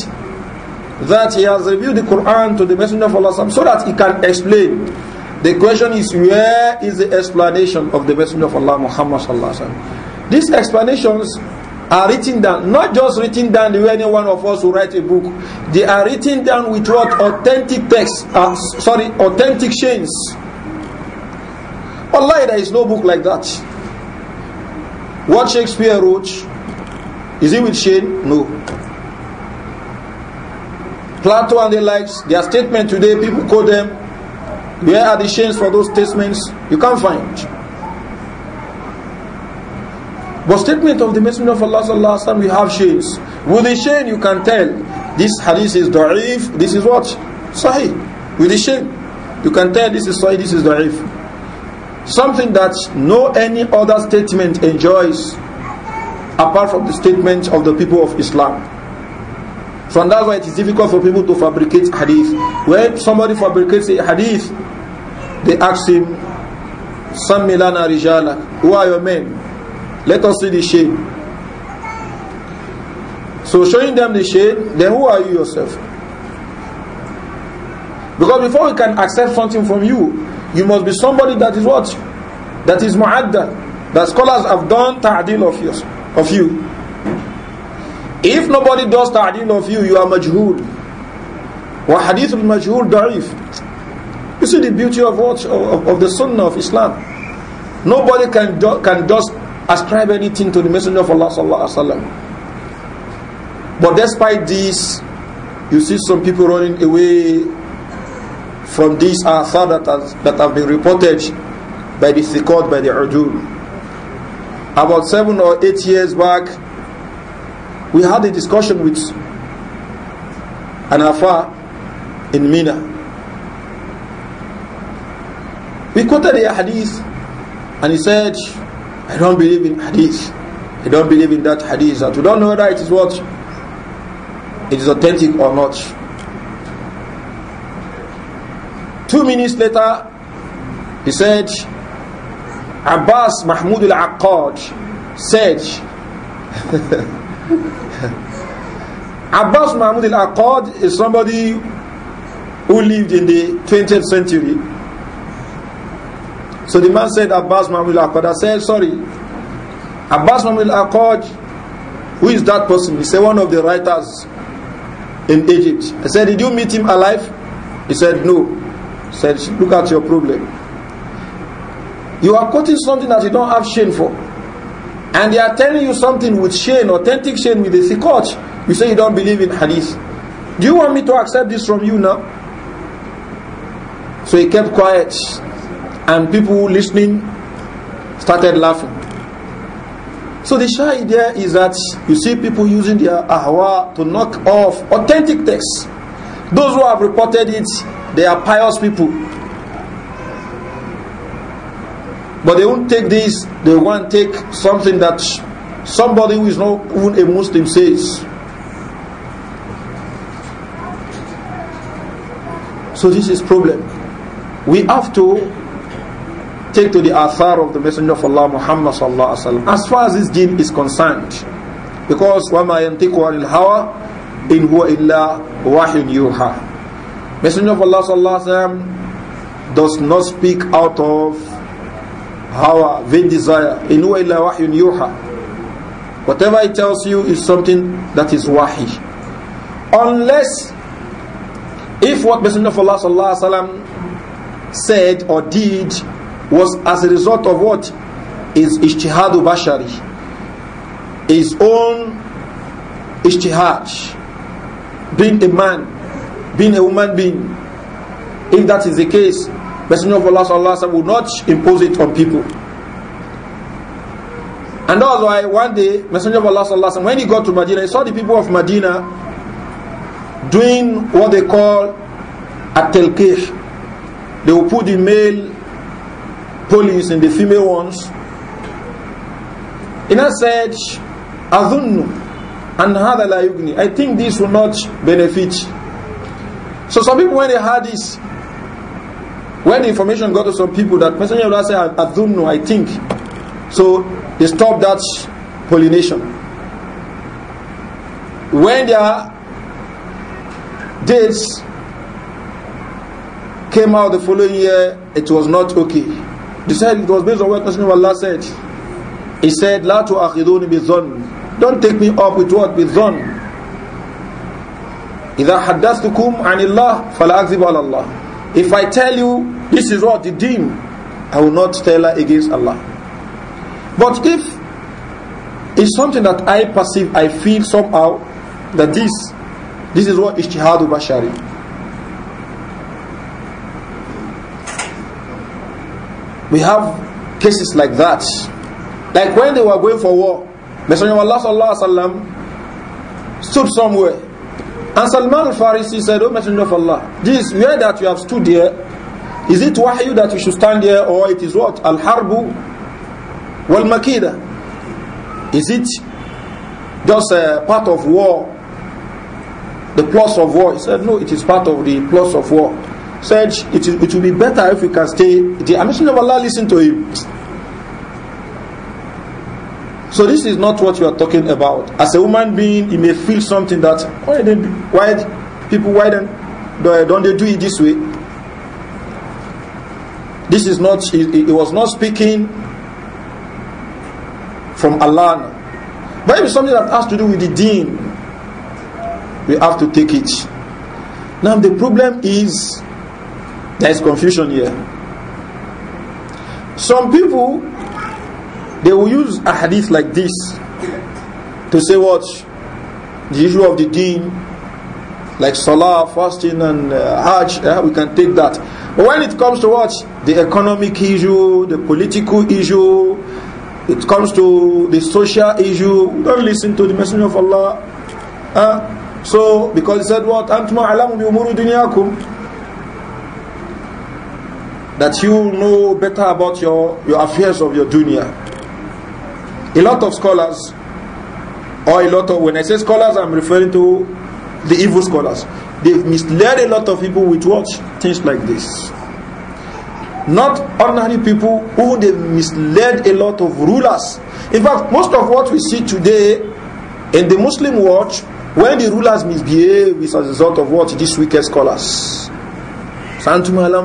that He has revealed the Quran to the Messenger of Allah so that He can explain. The question is, where is the explanation of the Messenger of Allah Muhammad? These explanations are written down, not just written down the way any one of us will write a book. They are written down with what authentic texts, uh, sorry, authentic chains. Allah, there is no book like that. What Shakespeare wrote, is it with chain? No. Plato and the likes, their statement today, people quote them. Where are the chains for those statements? You can't find. But statement of the Messenger of Allah sallallahu alaihi wasallam, we have chains. With the chain, you can tell this hadith is da'if, this is what? Sahih. With the chain, you can tell this is sahih, this is da'if. Something that no any other statement enjoys apart from the statement of the people of Islam. So and that's why it is difficult for people to fabricate hadith. When somebody fabricates a hadith, they ask him, Sammi lana rijala, who are your men? Let us see the shade. So showing them the shade, then who are you yourself? Because before we can accept something from you, you must be somebody that is what? That is mu'adda. That scholars have done ta'dil of, yours, of you. If nobody does ta'dil of you, you are majhul. Wa hadith al-majhul da'if. You see the beauty of what? Of, of, the sunnah of Islam. Nobody can, do, can just ascribe anything to the Messenger of Allah sallallahu alaihi wasallam. But despite this, you see some people running away from these athar that, has, that have been reported by the thiqat, by the ujul. About seven or eight years back, we had a discussion with an afa in Mina. We quoted a hadith and he said, I don't believe in hadith. I don't believe in that hadith. And we don't know whether it is what? It is authentic or not. Two minutes later, he said, Abbas Mahmoud al-Akkad said, <laughs> Abbas Mahmoud al-Akkad is somebody who lived in the 20th century So the man said, Abbas Mamil Akod. I said, sorry. Abbas Mamil Akod, who is that person? He said, one of the writers in Egypt. I said, did you meet him alive? He said, no. I said, look at your problem. You are quoting something that you don't have shame for. And they are telling you something with shame, authentic shame with a thick You say you don't believe in hadith. Do you want me to accept this from you now? So he kept quiet and people listening started laughing. So the shy idea is that you see people using their ahwa to knock off authentic texts. Those who have reported it, they are pious people. But they won't take this, they won't take something that somebody who is not even a Muslim says. So this is problem. We have to take to the athar of the Messenger of Allah Muhammad sallallahu alaihi wasallam. As far as this deen is concerned, because وَمَا يَنْتِقُ عَنِ الْهَوَى إِنْ هُوَ إِلَّا وَحْيٌ يُوحَى Messenger of Allah sallallahu alaihi wasallam does not speak out of hawa, vain desire. إِنْ هُوَ إِلَّا وَحْيٌ يُوحَى Whatever it tells you is something that is wahi. Unless, if what Messenger of Allah sallallahu alaihi wasallam said or did was as a result of what? Is ijtihadu bashari. His own ijtihad. Being a man, being a woman, being. If that is the case, Messenger of Allah sallallahu alaihi will not impose it on people. And that was why one day, Messenger of Allah sallallahu alaihi when he got to Medina, he saw the people of Medina doing what they call at They will put the male police and the female ones. In a said, Adhunnu, and Hada la yugni. I think this will not benefit. So some people, when they heard this, when the information got to some people that Messenger of Allah said, Adhunnu, I think. So they stopped that pollination. When their dates came out the following year, it was not okay. He said it was based on what Messenger of Allah said. He said, La tu akhiduni bizon. Don't take me up with what? Bizon. إِذَا حَدَّثْتُكُمْ عَنِ اللَّهِ فَلَا أَكْذِبُ عَلَى اللَّهِ If I tell you, this is what the deen, I will not tell her against Allah. But if it's something that I perceive, I feel somehow, that this, this is what ishtihadu bashari. We have cases like that. Like when they were going for war, Messenger of Allah sallallahu alaihi wasallam stood somewhere, and Salman al-Farisi said, "Oh Messenger of Allah, this where that you have stood here, is it wahyu that you should stand here, or it is what al-harbu wal-makida? Is it just a part of war, the plus of war?" He said, "No, it is part of the plus of war." said it, it will be better if we can stay The admission of Allah listen to him. So this is not what you are talking about. As a woman being, you may feel something that why then why people why then don't they do it this way? This is not He was not speaking from Allah. But if it's something that has to do with the deen, we have to take it. Now the problem is There is confusion here. Some people, they will use a hadith like this to say what? The issue of the deen, like salah, fasting, and uh, hajj, we can take that. But when it comes to what? The economic issue, the political issue, it comes to the social issue, don't listen to the Messenger of Allah. Uh, so, because he said what? that you know better about your, your affairs of your junior. A lot of scholars, or a lot of, when I say scholars, I'm referring to the evil scholars. They misled a lot of people with what? Things like this. Not ordinary people who they misled a lot of rulers. In fact, most of what we see today in the Muslim world, when the rulers misbehave, is as a result of what? These wicked scholars. santum alam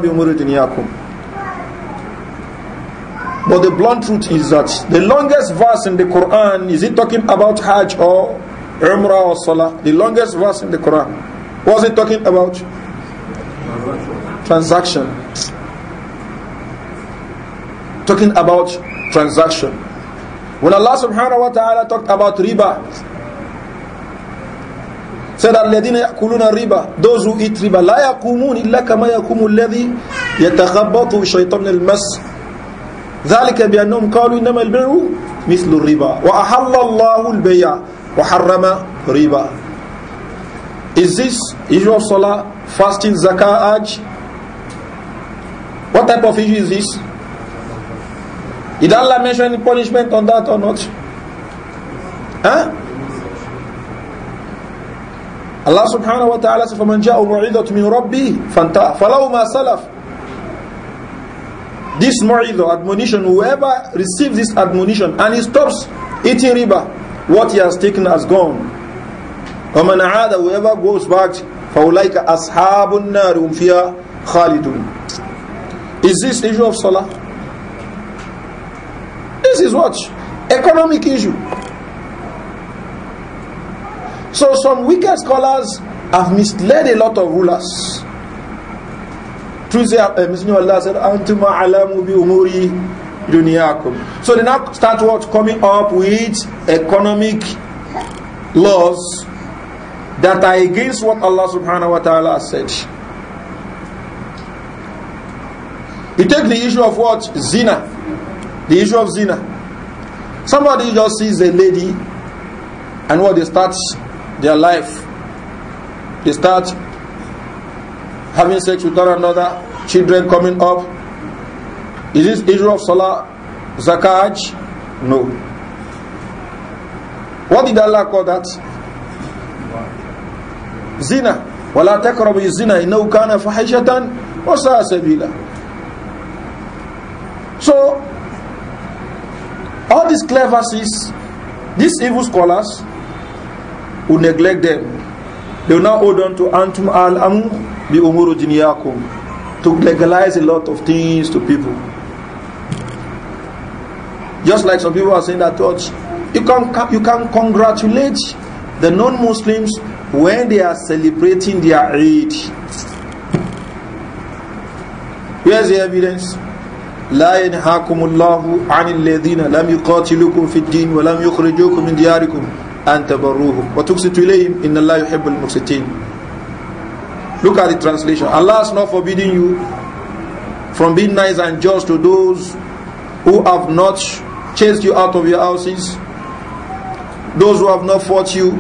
But the blunt truth is that the longest verse in the Quran, is it talking about Hajj or Umrah or Salah? The longest verse in the Quran. Was it talking about? Transaction. Talking about transaction. When Allah subhanahu wa ta'ala talked about riba, said الذين yakuluna riba those who eat riba la yaqumun إلَّا kama yaqumu الَّذِي يَتَخَبَّطُ shaytan al ذلك بأنهم قالوا إنما البيع مثل الربا وأحل الله البيع وحرم ربا is this usual salah fasting zakah hajj what type of issue is this did Allah mention any punishment on that or not huh Allah subhanahu wa ta'ala says فَمَنْ جَاءُ مُعِذَةٌ مِنْ رَبِّهِ فَانْتَهَى فَلَوْ مَا سَلَفَ this mu'idah, admonition, whoever receives this admonition and he stops eating riba, what he has taken has gone. وَمَنْ عَادَ Whoever goes back, فَأُولَيْكَ أَصْحَابُ النَّارِ هُمْ فِيهَا خَالِدُونَ Is this issue of salah? This is what? Economic issue. So some wicked scholars have misled a lot of rulers truth say uh, uh, Messenger of Allah said, Antuma alamu bi umuri dunyakum. So they now start what? Coming up with economic laws that are against what Allah subhanahu wa ta'ala said. You take the issue of what? Zina. The issue of zina. Somebody just sees a lady and what they start their life. They start having sex with one another, children coming up. Is this issue of Salah, Zakah, No. What did Allah call that? Zina. وَلَا تَقْرَبُوا الزِّنَا إِنَّهُ كَانَ فَحِشَةً وَسَاءَ سَبِيلًا So, all these clever verses, these evil scholars who neglect them. They will now hold on to Antum al-Amun bi umuru diniyakum to legalize a lot of things to people. Just like some people are saying that touch, you can you can congratulate the non-Muslims when they are celebrating their Eid. Where's the evidence? لا ينهاكم الله عن الذين لم يقاتلوكم في الدين ولم يخرجوكم من دياركم أن تبروهم وتقسطوا إليهم إن الله يحب المقسطين Look at the translation. Allah is not forbidding you from being nice and just to those who have not chased you out of your houses, those who have not fought you,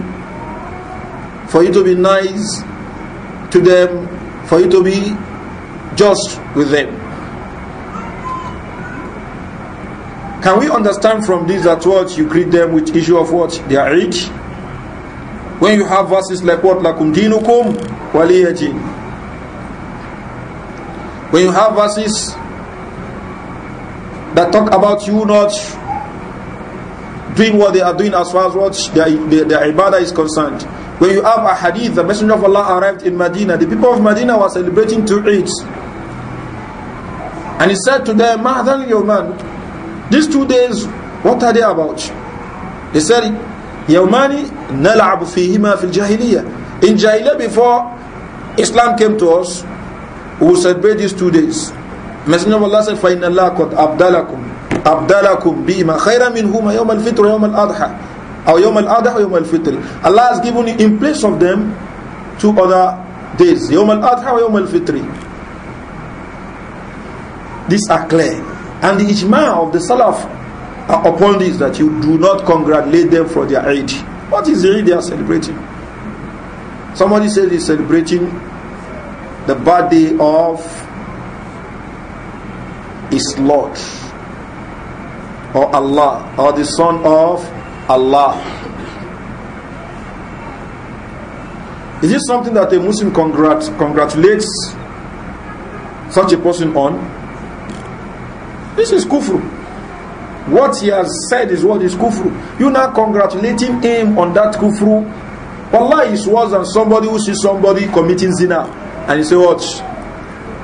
for you to be nice to them, for you to be just with them. Can we understand from this that what you greet them with issue of what? Their age? When you have verses like what? Lakum dinukum waliyajin. When you have verses that talk about you not doing what they are doing as far as what their, their, their ibadah is concerned. When you have a hadith, the Messenger of Allah arrived in Medina. The people of Medina were celebrating to eat. And he said to them, your man. these two days, what are they about? He said, يومان نلعب فيهما في الجاهلية إن jahiliyyah before Islam came to us we said celebrate these two days Messenger of Allah said فَإِنَّ اللَّهَ قَدْ أَبْدَلَكُمْ أبدالكم أبدالكم يَوْمَ الْفِطْرِ وَيَوْمَ الْأَضْحَى أو يوم الفطر يوم الاضحي او يوم الاضحي يوم الفطر Allah has given in place of them two other days يوم الأضحى ويوم الفطر these are clear and the ijma of the salaf upon this that you do not congratulate them for their Eid. What is the Eid they are celebrating? Somebody says he's celebrating the birthday of his Lord or Allah or the son of Allah. Is this something that a Muslim congrat congratulates such a person on? This is kufr what he has said is what is kufru. You now congratulating him on that kufru. Allah is worse than somebody who sees somebody committing zina and you say, What?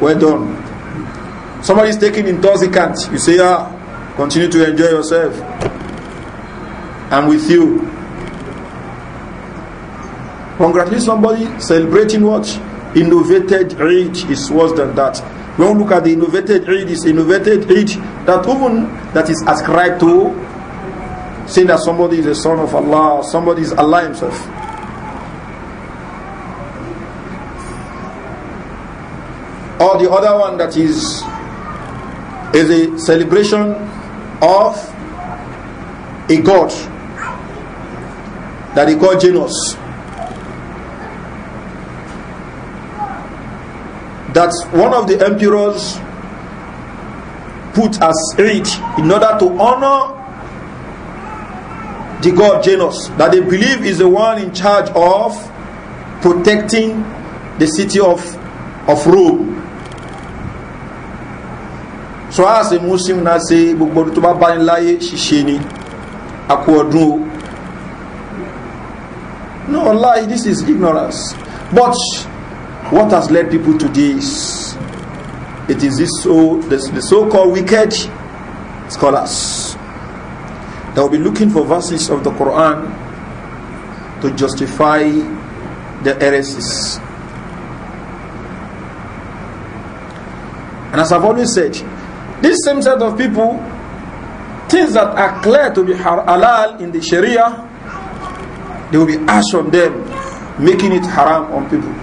Well done. Somebody is taking intoxicant. You say, Ah, continue to enjoy yourself. I'm with you. Congratulate somebody celebrating what? Innovated rage is worse than that. When we look at the innovated Eid, it's innovated Eid that even that is ascribed to saying that somebody is a son of Allah, or somebody is Allah himself. Or the other one that is is a celebration of a god that he called Janus. that one of the emperors put as Eid in order to honor the god Janus that they believe is the one in charge of protecting the city of, of Rome. So as a Muslim now say gbogbo ọdún tó bá bá ní láyé ṣiṣẹ́ ni a kú ọdún o. No, lie, this is ignorance. But What has led people to this? It is this so this, the so-called wicked scholars that will be looking for verses of the Quran to justify the heresies. And as I've always said, this same set of people, things that are clear to be halal in the Sharia, they will be ash on them, making it haram on people.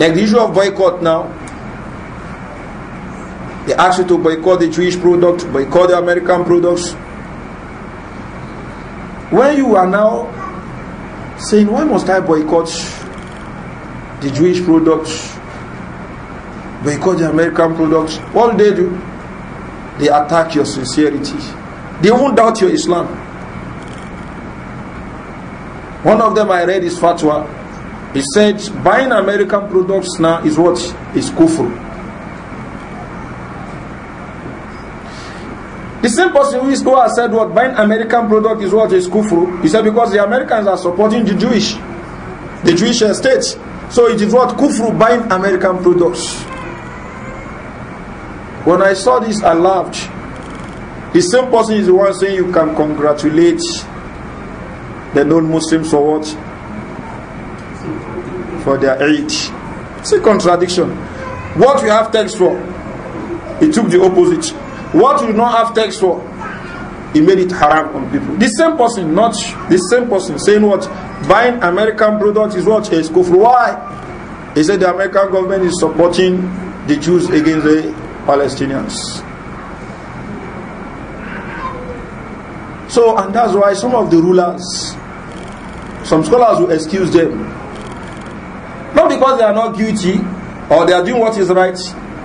Like the issue of boycott now. They ask you to boycott the Jewish products, boycott the American products. When you are now saying, why must I boycott the Jewish products, boycott the American products, what do they do? They attack your sincerity. They won't doubt your Islam. One of them I read is fatwa He said buying American products now is what is kufr. The same person who, has said what buying American product is what is kufru, he said because the Americans are supporting the Jewish, the Jewish state. So it is what kufru buying American products. When I saw this, I laughed. The same person is the one saying you can congratulate the non-Muslims for what for their Eid. See contradiction. What you have text for, he took the opposite. What you not have text for, he made it haram on people. The same person, not the same person, saying what? Buying American product is what? Is kufr. Why? He said the American government is supporting the Jews against the Palestinians. So, and that's why some of the rulers, some scholars will excuse them Not because they are not guilty or they are doing what is right,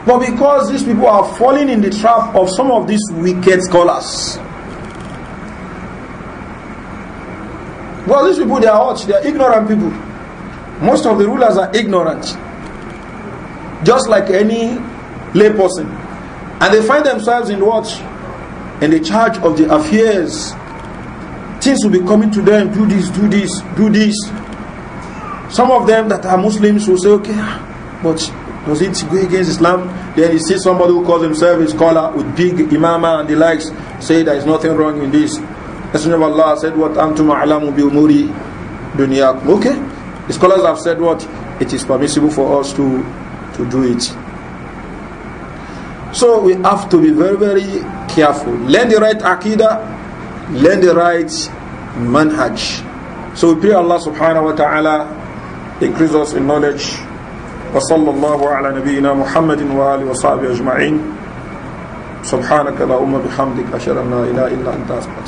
but because these people are falling in the trap of some of these wicked scholars. Well, these people, they are hot, they are ignorant people. Most of the rulers are ignorant, just like any lay person, And they find themselves in what? In the charge of the affairs. Things will be coming to them do this, do this, do this. Some of them that are Muslims will say, okay, but does it go against Islam? Then you see somebody who calls himself a scholar with big imama and the likes say there is nothing wrong in this. Messenger of Allah said, what antum a'lamu bi umuri dunyakum. Okay, the scholars have said what? It is permissible for us to, to do it. So we have to be very, very careful. Learn the right akida, learn the right manhaj. So we pray Allah subhanahu wa ta'ala increase us in knowledge وصلى الله على نبينا محمد وآله وصحبه أجمعين سبحانك اللهم بحمدك أشهد أن لا إله إلا أنت أستغفرك